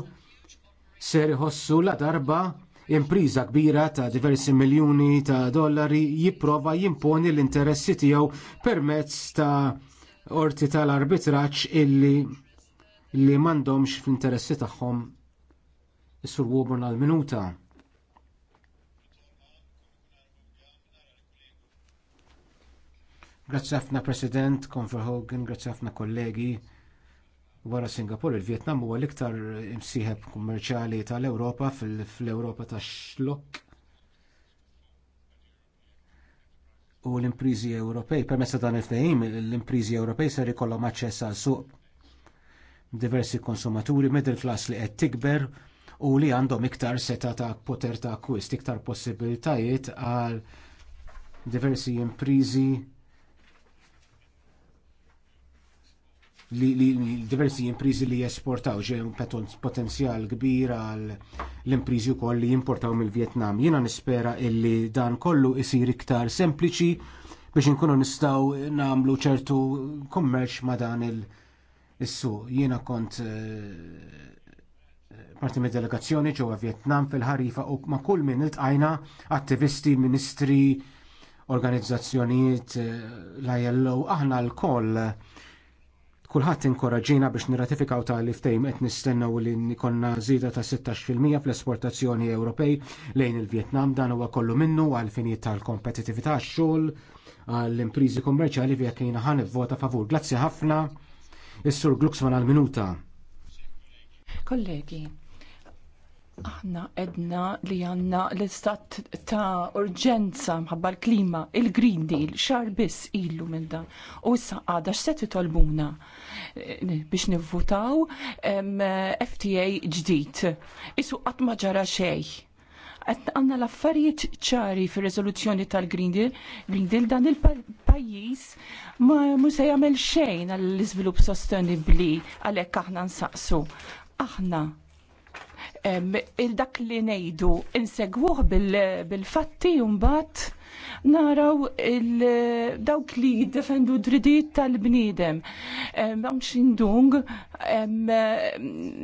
ser iħossu la darba impriża kbira ta' diversi miljuni ta' dollari jipprova jimponi l-interessi tiegħu permezz ta' orti tal-arbitraġġ illi li m'għandhomx fl-interessi tagħhom is-sur Woburn għal-minuta. Grazzi ħafna President, Konfer Hogan, grazzi ħafna kollegi wara Singapur, il-Vietnam huwa l-iktar imsieħeb kummerċjali tal-Ewropa fl-Ewropa tax-xlokk. U l-imprizi Ewropej, permezz ta' dan il-fejm, l-imprizi Ewropej ser ikollhom aċċess għal suq diversi konsumaturi middle class li qed tikber u li għandhom iktar seta ta' poter ta' akkwist, iktar possibilitajiet għal diversi imprizi li, li diversi imprizi li jesportaw ġem potenzjal kbir għal l-imprizi wkoll li jimportaw mill-Vjetnam. Jiena nispera illi dan kollu isir iktar sempliċi biex inkunu nistgħu nagħmlu ċertu kummerċ ma dan il-suq. Jiena kont eh, parti mid delegazzjoni ġewwa Vjetnam fil-ħarifa u ma' kull min iltqajna attivisti, ministri, organizzazzjonijiet, eh, l-ILO, aħna l-koll kulħadd inkoraġġina biex nirratifikaw tali ftejm qed nistennew li nikonna żieda ta' 16% fl-esportazzjoni Ewropej lejn il-Vjetnam dan huwa kollu minnu għal finijiet tal-kompetitività għax-xogħol għall-imprizi kummerċjali fi jekk ħan vota favur. Grazzi ħafna. Is-Sur Glucksman għal-minuta. Kollegi, Aħna edna li għanna l-istat ta' urġenza mħabba l-klima, il-Green Deal, xar biss illu minn dan. U issa għada x'se titolbuna eh, biex nivvutaw FTA ġdid. Isu qatt ma ġara xejn. Għanna l-affarijiet ċari fir rezoluzzjoni tal-Green Deal, Green Deal dan il-pajis ma musa jagħmel xejn għall-iżvilupp sostenibbli għalhekk aħna nsaqsu. Aħna il-dak li nejdu insegwuh bil-fatti jumbat naraw dawk li jiddefendu dridit tal-bnidem. Mamxin Dung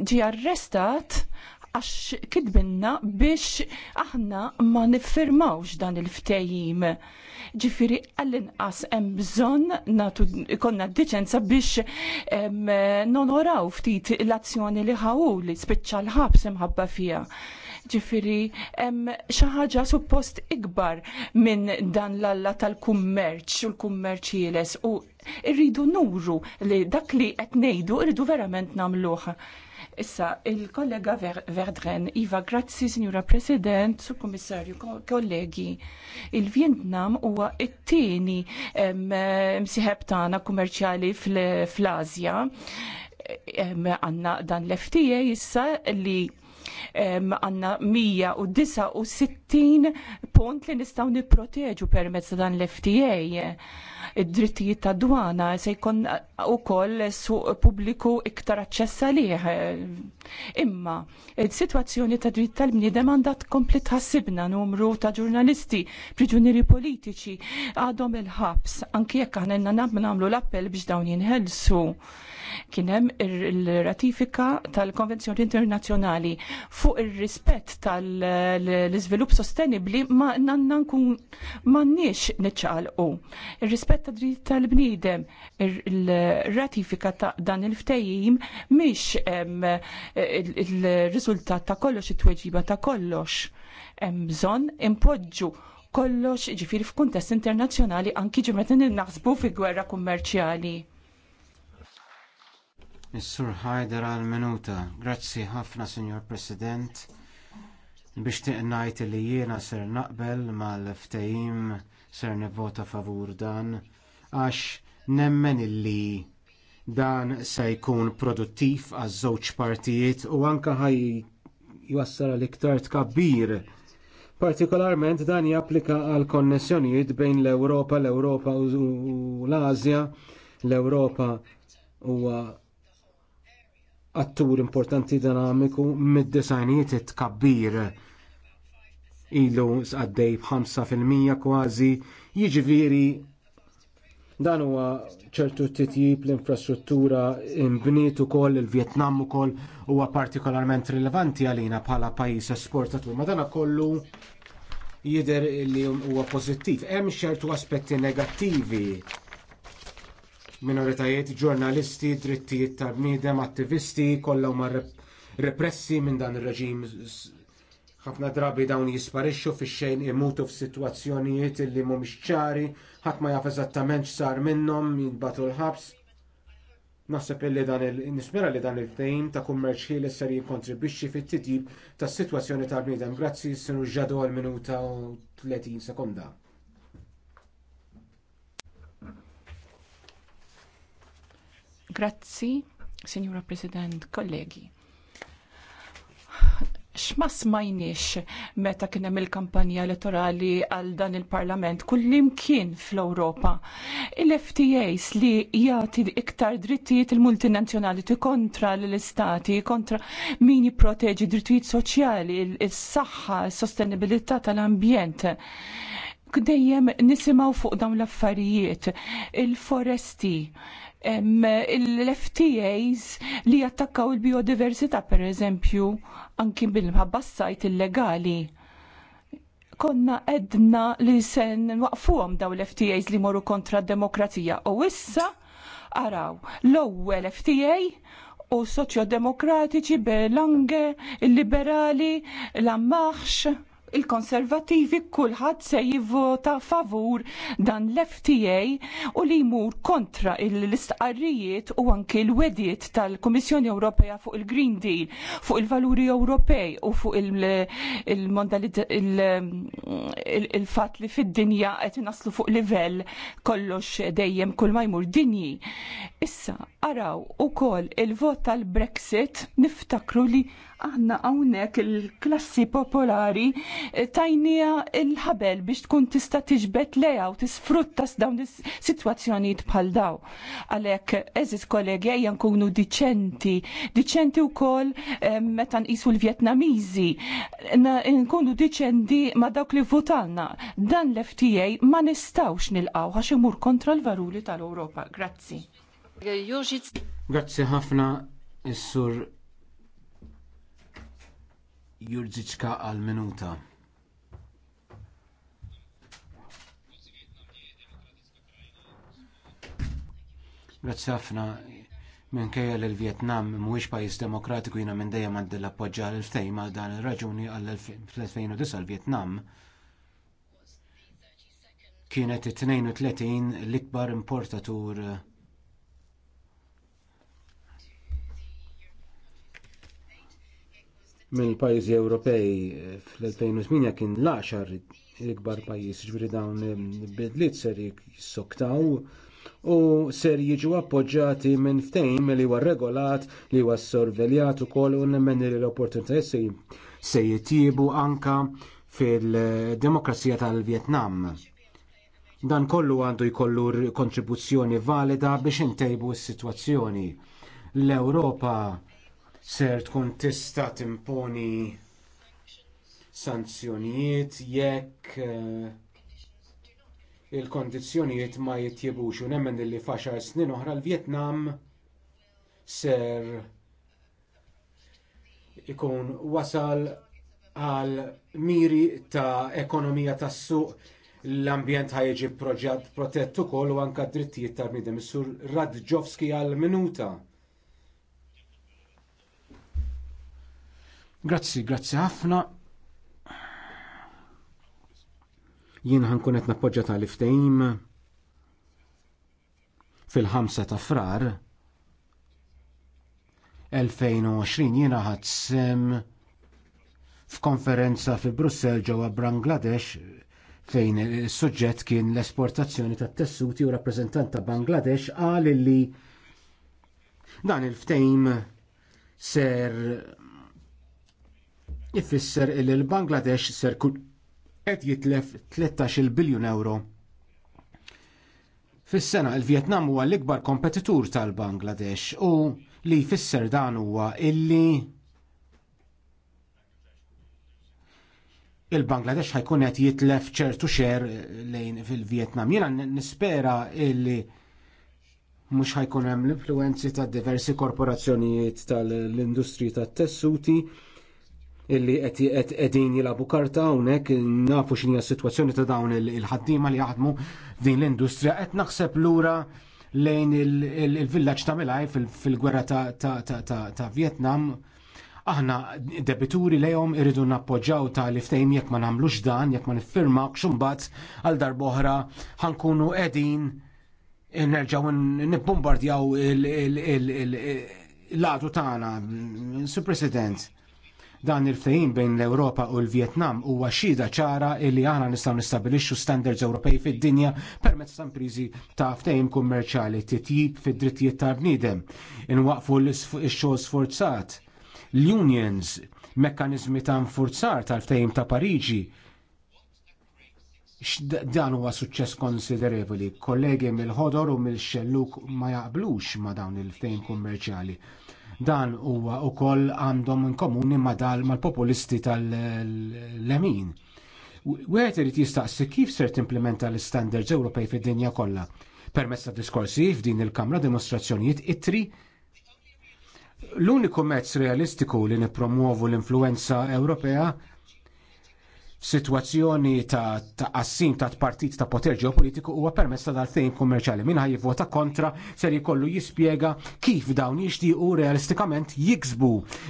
ġi arrestat għax kidbinna biex aħna ma niffirmawx dan il-ftejim. Ġifiri għallin inqas hemm bżonn natu ikonna d-deċenza biex nonoraw ftit l-azzjoni li ħawu li spiċċa l-ħabs imħabba fija. Ġifiri hemm xi ħaġa suppost ikbar minn dan l-alla tal-kummerċ u l-kummerċ jieles u rridu nuru li dak li qed ngħidu rridu verament nagħmluh. Issa, il-kollega Verdren, Iva, grazzi, Signora President, su Komissarju, kollegi. Il-Vietnam huwa it-tieni msiħeb tagħna kummerċjali fl-Azja. Għanna dan l-FTA issa li għanna 169 punt li nistaw nipproteġu permezz dan l-FTA id-drittijiet ta' dwana se jkun eh, ukoll suq pubbliku iktar aċċess għalih. Imma il-sitwazzjoni ta' dritt tal-bniedem għandha tkompli tħassibna numru ta' ġurnalisti, priġunieri politiċi għadhom il-ħabs anke jekk aħna nagħmlu l-appell biex dawn jinħelsu kienem il-ratifika tal-Konvenzjoni Internazzjonali fuq il-rispett tal izvilup sostenibli ma nanna nkun mannix u Il-rispett ta' dritt tal-bniedem, il-ratifika ta' dan il-ftejjim miex il-riżultat ta' kollox it-tweġiba ta' kollox. Hemm bżonn impoġġu kollox ġifiri f'kuntest internazzjonali anki ġimgħet naħsbu fi gwerra kummerċjali. Is-Sur Hajder għal minuta. Grazzi ħafna, Signor President. Biex tiqnajt li jiena ser naqbel mal-ftehim ser nivvota favur dan għax nemmen li dan se jkun produttiv għaż żewġ partijiet u anke ħaj jwassal l-iktar tkabbir. Partikolarment dan japplika għal konnessjonijiet bejn l-Ewropa, l-Ewropa u l-Azja, l-Ewropa huwa attur importanti dinamiku mid-disajnijiet it-tkabbir ilu għaddej b'5% kważi, jiġifieri dan huwa ċertu titjib l-infrastruttura imbniet ukoll il-Vjetnam ukoll huwa partikolarment rilevanti għalina bħala pajjiż esportatur. Ma dan kollu jidher li huwa pożittiv. Hemm ċertu aspetti negattivi minoritajiet, ġurnalisti, drittijiet tal-bniedem, attivisti, kollha huma repressi minn dan ir-reġim. Ħafna drabi dawn jisparixxu fix-xejn imutu f'sitwazzjonijiet illi mhumiex ċari, ħadd ma jaf eżattament x'sar minnhom jinbatu l-ħabs. Naħseb illi dan il nispera li dan il-fejn ta' kummerċ ħiel ser jikkontribwixxi fit-titjib tas-sitwazzjoni tal-bniedem. Grazzi, sinu ġadu għal minuta u 30 sekonda. Grazzi, Signora President, kollegi. X'ma smajniex meta kien hemm il-kampanja elettorali għal dan il-Parlament kullimkien fl-Ewropa. Il-FTAs li jagħti iktar drittijiet il-multinazzjonali kontra l-istati, kontra min jipproteġi drittijiet soċjali, is-saħħa, s-sostenibilità tal-ambjent dejjem nisimaw fuq dawn l-affarijiet, il-foresti, l-FTAs li jattakkaw il-biodiversità per eżempju anki bil-ħabba sajt illegali. Konna edna li sen waqfuhom daw l-FTAs li moru kontra d-demokrazija u issa araw l-ewwel FTA u soċjodemokratiċi belange, il-liberali, l-ammaħx il-konservativi kulħadd se jivvota favur dan l-FTA u li jmur kontra l-istqarrijiet u anki l-wedijiet tal-Kummissjoni Ewropea fuq il-Green Deal, fuq il-valuri Ewropej u fuq il-fat li fid-dinja qed naslu fuq livell kollox dejjem kull ma jmur dinji. Issa, araw ukoll il-vot tal-Brexit niftakru li aħna hawnhekk il-klassi popolari eh, tajnija il-ħabel biex tkun tista' tiġbed leja u tisfrutta dawn is-sitwazzjonijiet bħal daw. Għalhekk eżis kollegi ejja nkunu diċenti, diċenti wkoll eh, meta nqisu l-Vjetnamiżi, nkunu diċenti ma' dawk li votalna. Dan l-FTA ma nistawx nilqgħu għax imur kontra l-varuli tal-Ewropa. Grazzi. Grazzi ħafna is-sur Jurġiċka għal minuta. Grazzi ħafna minn kajja l-Vietnam mhuwiex pajjiż demokratiku jiena minn dejjem għandi l-appoġġja l-ftejn ma' dan ir-raġuni għall 2009 l-Vietnam kienet it-32 l-ikbar importatur minn pajjiżi Ewropej eh, fl-2008 kien l l-ikbar pajjiż ġbiri dawn bidliet ser jissoktaw u ser jiġu appoġġjati minn ftehim li huwa regolat li huwa sorveljat ukoll u nemmen li l opportunità se jitjiebu anka fil-demokrazija tal-Vjetnam. Dan kollu għandu jkollu kontribuzzjoni valida biex intejbu s-sitwazzjoni. L-Ewropa ser tkun tista' timponi sanzjonijiet jekk eh, il kondizzjonijiet ma jitjibux u nemmen li faxar snin oħra l-Vjetnam ser ikun wasal għal miri ta' ekonomija tas-suq l-ambjent ħajġi proġett protett ukoll u anke d-drittijiet tal-bniedem. Is-sur Radġovski għal minuta. Grazzi, grazzi ħafna. Jien ħankun qed nappoġġa tal-iftejm fil-ħamsa ta' frar 2020 jiena ħad sem f'konferenza fi Brussell ġewwa Bangladesh fejn is-suġġett kien l-esportazzjoni tat tessuti u rappreżentant ta' Bangladesh qal li dan il-ftejm ser ifisser il l-Bangladesh ser kun qed jitlef 13 biljun euro. Fis-sena il-Vjetnam huwa l-ikbar kompetitur tal-Bangladesh u li jfisser dan huwa illi il-Bangladesh ħajkun qed jitlef ċertu xer lejn fil-Vjetnam. Jiena nispera illi mhux ħajkun hemm l-influenzi tad diversi korporazzjonijiet tal-industri tat-tessuti illi qegħdin jilabu karta hawnhekk nafu x'inhi s-sitwazzjoni ta' dawn il-ħaddiema li jaħdmu din l-industrija qed naħseb lura lejn il-villaġġ ta' Milaj fil-gwerra ta' Vietnam. Aħna debituri lejhom irridu nappoġġaw ta' li jekk ma nagħmlux dan, jekk ma niffirmawx imbagħad għal darb'oħra ħankunu qegħdin nerġaw nibbombardjaw il-ladu tagħna, Sur President. Dan il-ftehim bejn l-Ewropa u l-Vjetnam huwa xida ċara li aħna nistgħu nistabilixxu standards Ewropej fid-dinja permezz ta' imprizi ta' ftehim kummerċjali titjib fid-drittijiet ta' bniedem. Inwaqfu l-xogħol sforzat. L-unions, mekkaniżmi ta' nfurzar tal-ftehim ta' Pariġi dan huwa suċċess konsiderevoli. Kollegi mill-ħodor u mill-xelluk ma jaqblux ma dawn il ftehim kummerċjali. Dan huwa wkoll għandhom in komuni ma dal mal-populisti tal-lemin. Wieħed irid jistaqsi kif ser implementa l-standards Ewropej fid-dinja kollha. Permezz diskorsi f'din il-Kamra dimostrazzjonijiet Itri. L-uniku mezz realistiku li nipromuovu l-influenza Ewropea situazzjoni ta' taqassim ta' partit ta' poter ġeopolitiku huwa permessa ta' dal-tejn kummerċali. Minħa jivvota kontra ser jkollu jispjega kif dawn jixtiequ realistikament jiksbu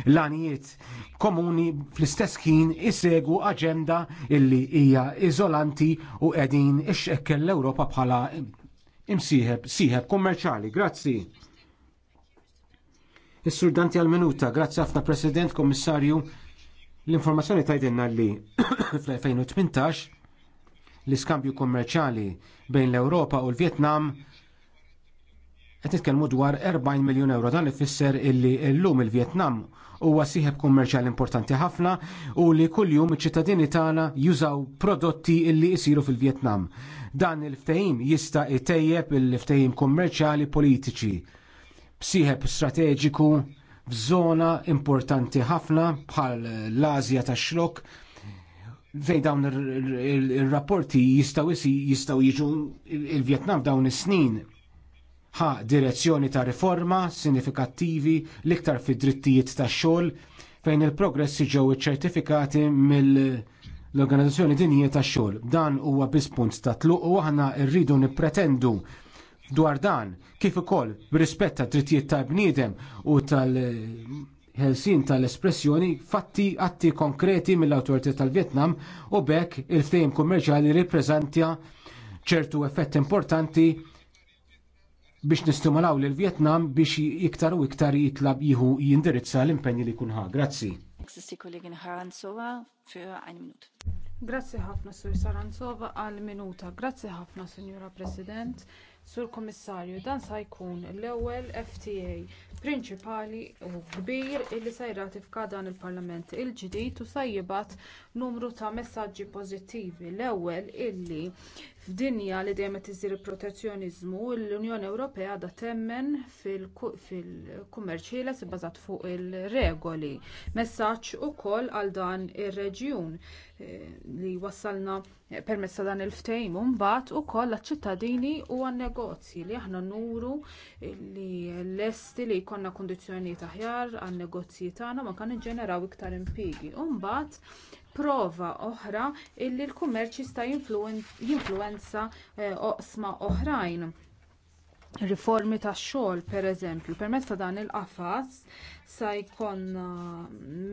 l-anijiet komuni fl-istess ħin isegu aġenda illi hija iżolanti u qegħdin ixekkel l-Ewropa bħala imsieħeb sieħeb kummerċali. Grazzi. is Danti għal-minuta, grazzi ħafna President, Kommissarju, L-informazzjoni tajdinna li (coughs) fl-2018 l-iskambju kommerċali bejn l-Ewropa u l-Vietnam qed nitkellmu dwar 40 miljun euro dan ifisser illi llum il-Vjetnam huwa sieħeb kummerċjali importanti ħafna u li kuljum iċ-ċittadini tagħna jużaw prodotti illi jsiru fil-Vjetnam. Dan il-ftehim jista' jtejjeb il-ftehim kummerċjali politiċi b'sieħeb strateġiku f'żona importanti ħafna bħal l-Azja tax-xlok fej dawn il-rapporti jistaw jistaw jiġu il-Vietnam dawn is-snin ħa direzzjoni ta' riforma sinifikattivi iktar fi drittijiet ta' xogħol fejn il-progress ġew iċ-ċertifikati mill-Organizzazzjoni Dinjija ta' xogħol. Dan huwa biss punt ta' tluq u aħna rridu nippretendu dwar dan kif ukoll b'rispett ta' drittijiet ta' bniedem u tal ħelsin tal-espressjoni fatti atti konkreti mill-autorità tal-Vietnam u bekk il fejm kummerċjali rippreżentja ċertu effett importanti biex nistimulaw l vietnam biex iktar u iktar jitlab jihu jindirizza l-impenni li kunħa. Grazzi. Grazzi ħafna, Sur Saranzova, għal minuta. Grazzi ħafna, Signora President. Sur Kummissarju, dan sa jkun l-ewwel FTA prinċipali u kbir illi se jirratifika dan il-Parlament il-ġdid u se jibgħat numru ta' messaġġi pożittivi. L-ewwel illi F'dinja li dejjem qed iżżir protezzjoniżmu, l-Unjoni Ewropea għadha temmen fil-kummerċ ħieles ibbażat fuq il-regoli. Messaġġ ukoll għal dan ir-reġjun eh, li wassalna permezz ta' dan il-ftehim u mbagħad ukoll għaċ-ċittadini u għan-negozji li aħna nuru li lesti li jkollna kundizzjonijiet aħjar għan-negozji tagħna ma kan iġġeneraw iktar impjiegi. U mbagħad prova oħra illi l-kummerċ jista' jinfluwenza eh, oqsma oħrajn. Riformi tax-xogħol pereżempju, permezz ta' dan il-qafas sa jkollna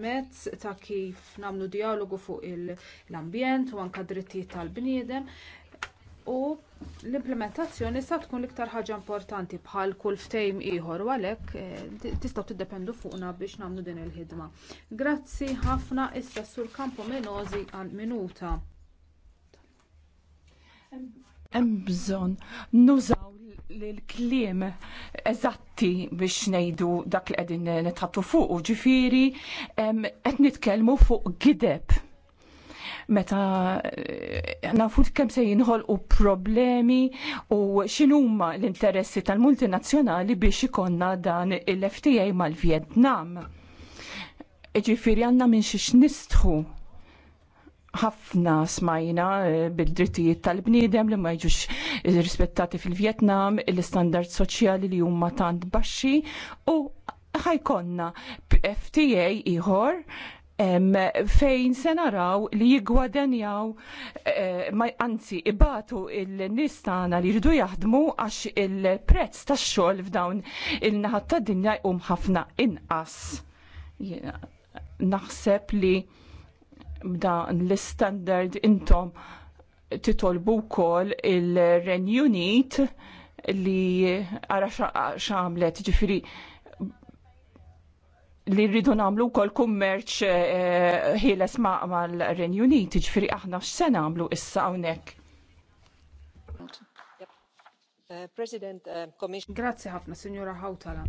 mezz ta' kif nagħmlu dijalogu fuq l-ambjent u anke drittijiet tal-bniedem u l-implementazzjoni sa tkun l-iktar ħaġa importanti bħal kull ftejm ieħor u għalhekk eh, tistgħu tiddependu fuqna biex nagħmlu din il-ħidma. Grazzi ħafna issa sur Campo Menozi għal minuta. Hemm bżonn nużaw l-kliem eżatti biex ngħidu dak li qegħdin nitħattu fuq, ġifieri qed nitkellmu fuq gideb meta eh, nafut kemm se jinħolqu problemi u x'inhuma l-interessi tal-multinazzjonali biex ikonna dan il-FTA mal-Vjetnam. Ġifiri għandna minn xiex nistħu ħafna smajna eh, bil-drittijiet tal-bniedem li ma jiġux rispettati fil-Vjetnam, l-istandard soċjali li huma tant baxxi u ħajkonna FTA ieħor fejn se naraw li jigwadenjaw eh, anzi ibatu il-nis tagħna li jridu jaħdmu għax il-prezz tax-xogħol f'dawn il-naħat tad-dinja jqum ħafna inqas. Naħseb li b'dan l-standard intom titolbu wkoll il-Renjunit li għara xamlet ġifiri li rridu namlu kol kummerċ eh, ħieles ma' mal-Renju Unit, ġifiri aħna x'se namlu issa hawnhekk. Uh, President, uh, Grazie ħafna, Signora Hautala.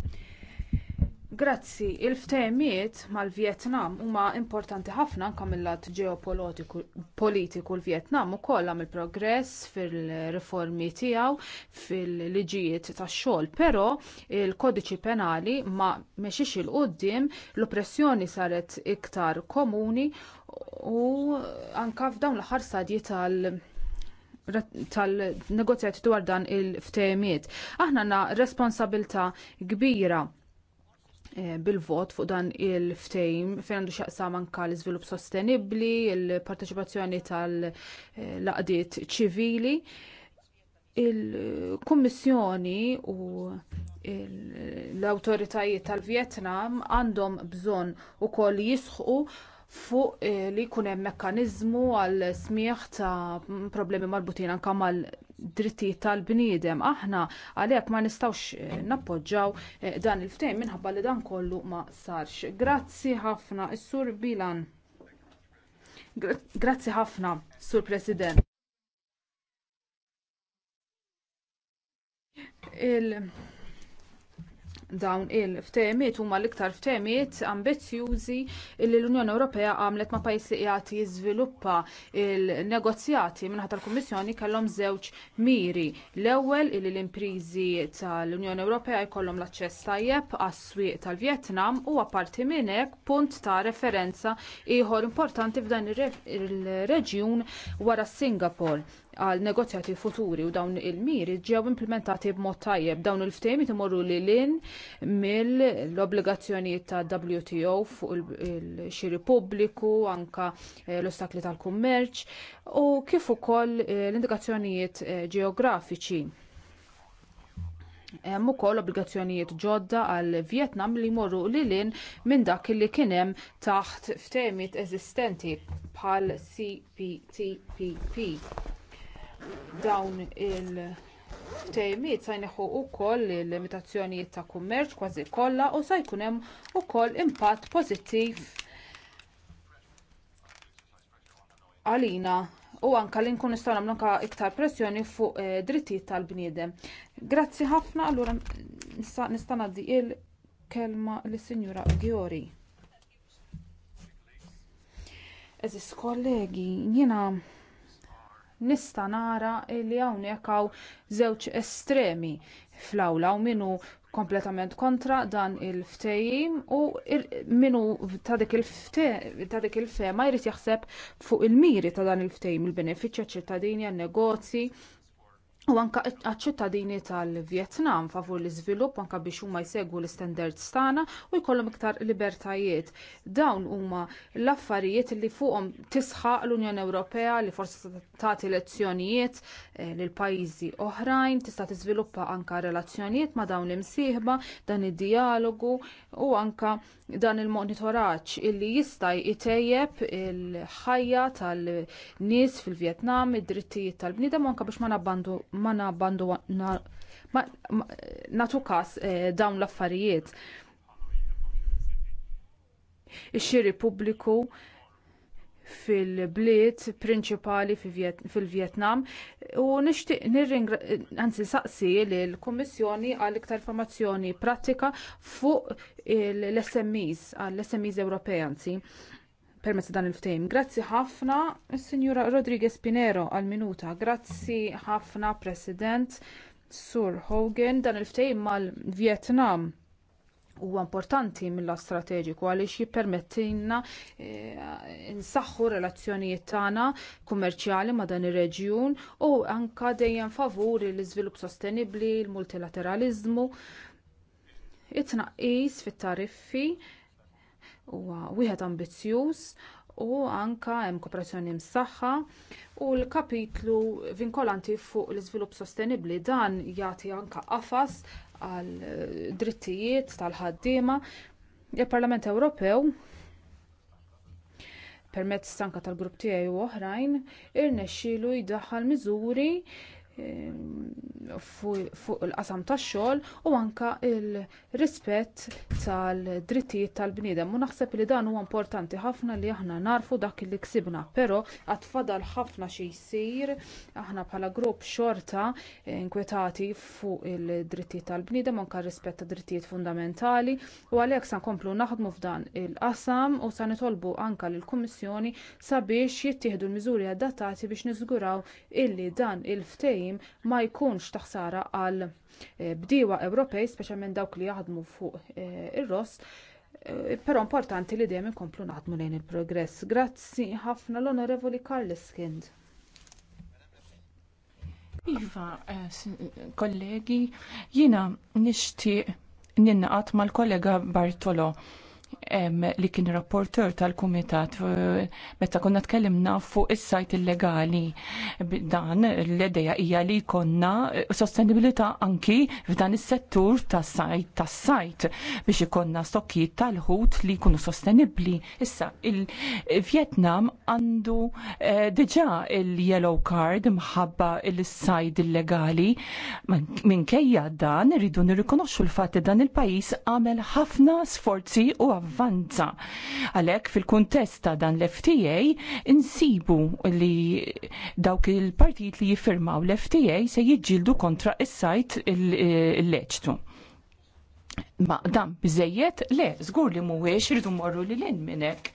Grazzi, il-ftehmiet mal-Vjetnam huma importanti ħafna anke mill-lat ġeopolitiku l-Vjetnam ukoll mill progress fil-riformi tiegħu fil-liġijiet tax-xogħol, però il-kodiċi penali ma mexiex il qudiem l-oppressjoni saret iktar komuni u anke f'dawn l-aħħar stadji tal- tal-negozjati dwar dan il-ftehmiet. Aħna na responsabilta kbira Eh, bil-vot fuq dan il-ftejm fejn għandu xaqsa anka l-iżvilupp sostenibbli, il-parteċipazzjoni tal-laqdiet ċivili. Il-Kummissjoni u l-autoritajiet tal-Vjetnam għandhom bżonn ukoll jisħu fuq eh, li jkun hemm mekkaniżmu għal smieħ ta' problemi marbutin anka mal drittijiet tal-bniedem. Aħna għalhekk ma nistgħux eh, nappoġġaw eh, dan il-ftehim minħabba li dan kollu ma sarx. Grazzi ħafna, is-Sur Bilan. Grazzi ħafna, Sur President. Il dawn il-ftehmiet huma l-iktar ftehmiet ambizzjużi li l-Unjoni Ewropea għamlet ma' pajjiż li qiegħed jiżviluppa il-negozjati minħata tal-Kummissjoni kellhom żewġ miri. L-ewwel li l-impriżi tal-Unjoni Ewropea jkollhom l-aċċess tajjeb għas-swieq tal-Vjetnam u apparti minn hekk punt ta' referenza ieħor importanti f'dan ir-reġjun wara Singapore għal negozjati futuri u dawn il-miri ġew implementati b'mod tajjeb dawn il-ftehimiet imorru li lin mill-obbligazzjonijiet ta' WTO fuq il-xiri pubbliku anka eh, l-ostakli tal-kummerċ u kif ukoll eh, l-indikazzjonijiet eh, ġeografiċi. Hemm ukoll obbligazzjonijiet ġodda għal Vjetnam li jmorru lilin minn dak li kien hemm taħt ftehimiet eżistenti bħal CPTPP dawn il-ftejmiet sa jneħħu wkoll il-limitazzjonijiet ta' kummerċ kważi kollha u se jkun hemm ukoll impatt pożittiv għalina u anke li nkun nistgħu nagħmlu anke iktar pressjoni fuq eh, drittijiet tal-bniedem. Grazzi ħafna, allura nista' ngħaddi il-kelma lis-Sinjura Gjori. Eżis kollegi, jiena nista' nara li hawnhekk hawn żewġ estremi fl-awla u minu kompletament kontra dan il-ftejim u minu ta' dik il-fema jrid jaħseb fuq il-miri ta' dan il-ftejim il-benefiċċja ċittadini għan-negozji u anke għaċ-ċittadini tal-Vjetnam favur l-iżvilupp anke biex huma jsegwu l-istandards tagħna u jkollhom iktar libertajiet. Dawn huma l-affarijiet li fuqhom tisħaq l-Unjoni Ewropea li forsi tagħti lezzjonijiet eh, lil pajjiżi oħrajn, tista' tiżviluppa anke relazzjonijiet ma' dawn l-imsieħba, dan id-dialogu u anke dan il-monitoraġġ illi jista' jitejjeb il-ħajja tal-nies fil-Vjetnam, id-drittijiet tal-bniedem anke biex ma nabbandu ma nabbandu ma każ eh, dawn l-affarijiet. Ix-xiri pubbliku fil-bliet prinċipali fil-Vietnam u nixtieq nirringra anzi saqsi lill kummissjoni għal iktar informazzjoni pratika fuq l-SMEs għall-SMEs Ewropej anzi permezz dan il-ftejm. Grazzi ħafna, Signora Rodriguez Pinero għal-minuta. Grazzi ħafna, President Sur Hogan, dan il-ftejm mal-Vietnam huwa importanti mill strateġiku għaliex jippermettilna eh, nsaħħu relazzjonijiet tagħna kummerċjali ma' dan ir-reġjun u anke dejjem favur l-iżvilupp sostenibbli, l-multilateraliżmu. It-tnaqqis fit-tariffi huwa wieħed ambizzjuż u anke hemm kooperazzjoni msaħħa u l-kapitlu vinkolanti fuq l-iżvilupp sostenibbli dan jagħti anke qafas għal eh, drittijiet tal-ħaddiema. Il-Parlament Ewropew permezz anke tal-grupp tiegħi u oħrajn irnexxielu jdaħħal miżuri fuq il-qasam tax-xogħol u anke l rispett tal-drittijiet tal-bniedem. U naħseb li dan huwa importanti ħafna li aħna narfu dak li ksibna, però qatt fadal ħafna xi jsir aħna bħala grupp xorta inkwetati fuq il-drittijiet tal-bniedem anke rispett ta' drittijiet fundamentali u għalhekk se nkomplu naħdmu f'dan il-qasam u se nitolbu anke lill-Kummissjoni sabiex jittieħdu l-miżuri adattati biex niżguraw illi dan il ftej ftehim ma jkunx taħsara għal eh, bdiewa Ewropej, speċjalment dawk li jaħdmu fuq eh, ir-ross, eh, però importanti li dejjem inkomplu naħdmu lejn il-progress. Grazzi ħafna l-Onorevoli Carlos Kind. Iva, kollegi, jina nishtiq ninnaqat mal-kollega Bartolo li kien rapporter tal-Kumitat eh, meta konna tkellimna fuq is-sajt illegali dan l-idea hija li konna eh, sostenibilità anki f'dan is-settur tas-sajt tas-sajt biex ikonna stokkijiet tal-ħut li jkunu sostenibbli. Issa il-Vjetnam għandu eh, diġà il-yellow card mħabba il-sajd illegali minkejja dan irridu nirrikonoxxu l-fatt dan il-pajjiż għamel ħafna sforzi u għav tavvanza. Għalhekk fil-kuntest ta' dan l-FTA insibu li dawk il partijt li jiffirmaw l-FTA se jiġġieldu kontra is-sajt il-leċtu. Ma dan bżejjed le, żgur li mhuwiex irridu morru lil hinn minn hekk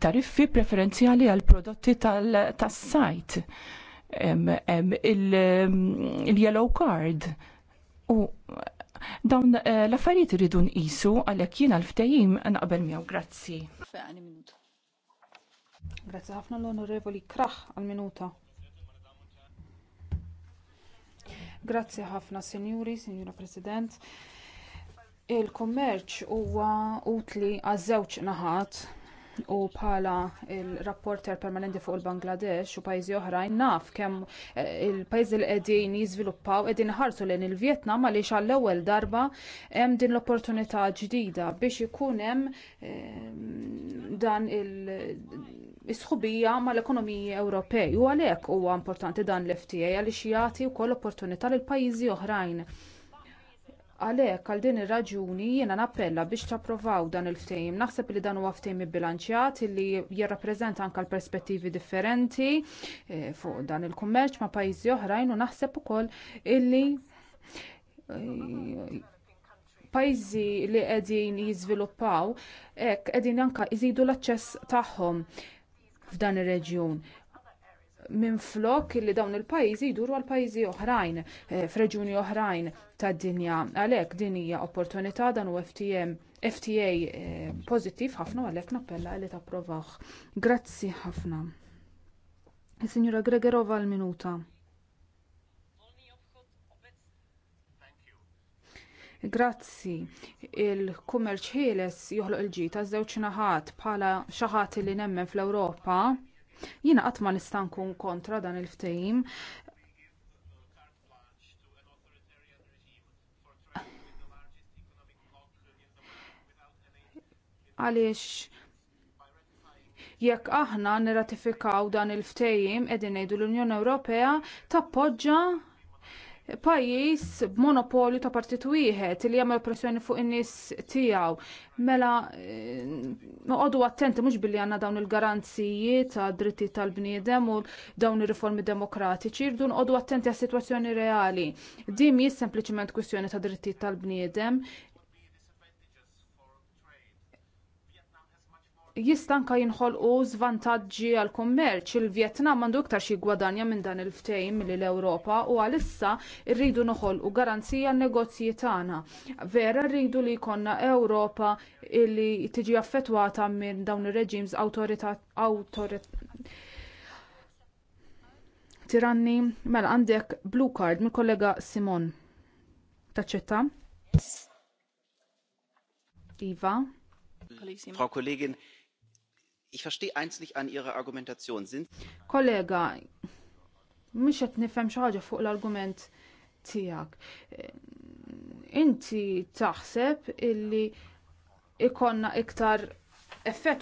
tariffi preferenzjali għal prodotti tas-sajt. Il-yellow card u dawn eh, l-affarijiet iridu nqisu għalhekk jiena l-ftehim naqbel miegħu grazzi. Grazzi ħafna l-Onorevoli Krah għal-minuta. Grazzi ħafna, Sinjuri, Sinjura President. Il-kummerċ huwa utli għaż-żewġ naħat u bħala il-rapporter permanenti fuq il-Bangladesh u pajjiżi oħrajn naf kemm eh, il-pajjiżi li qegħdin jiżviluppaw qegħdin ħarsu lejn il-Vjetnam għaliex għall-ewwel darba hemm din l-opportunità ġdida biex ikun hemm eh, dan il-isħubija mal-ekonomiji Ewropej u għalhekk huwa importanti dan l-FTA għaliex jagħti wkoll opportunità lil pajjiżi oħrajn. Għalhekk għal din ir-raġuni jiena nappella biex tapprovaw dan il-ftehim. Naħseb li dan huwa ftehim ibbilanċjat li jirrappreżenta anke l-perspettivi differenti eh, fuq dan il-kummerċ ma' pajjiżi oħrajn u naħseb ukoll illi eh, pajjiżi li qegħdin jiżviluppaw hekk qegħdin anke jżidu l-aċċess tagħhom f'dan ir-reġjun minn flok li dawn il-pajjiżi jduru għal pajjiżi oħrajn, eh, f'reġuni oħrajn tad-dinja. Għalhekk din hija opportunità dan u FTM FTA eh, pożittiv ħafna għalhekk nappella li provax. Grazzi ħafna. Signora Gregorova l-minuta. Grazzi. Il-kummerċ ħieles joħloq il-ġita żewġ naħat bħala xi li nemmen fl-Ewropa Jiena qatt ma nista' nkun kontra dan il-ftehim. Għaliex jekk aħna nirratifikaw dan il-ftehim qegħdin ngħidu l-Unjoni Ewropea tappoġġa pajjiż b'monopolju ta' partit wieħed li jagħmel pressjoni fuq in-nies tiegħu. Mela eh, noqogħdu attenti mhux billi għandna dawn il-garanziji ta' dritti tal-bniedem u dawn ir-riformi demokratiċi, irdu noqogħdu attenti għas-sitwazzjoni reali. Din mhijiex sempliċement kwistjoni ta' dritti tal-bniedem, jista' anke jinħolqu żvantaġġi għal kummerċ il-Vjetnam għandu iktar xi gwadanja minn dan il-ftehim l ewropa u għalissa rridu noħolqu garanzija n negozji tagħna. Vera rridu li jkollna Ewropa li tiġi affettwata minn dawn ir-reġims awtorità Tiranni, mela għandek blue card mill kollega Simon. Taċċetta? Iva. Frau Kollegin, Ich verstehe eins nicht an Ihrer Argumentation. Sind Kollega, mich hat nicht xi ħaġa fuq l-argument tiegħek. Inti taħseb illi ikonna iktar effett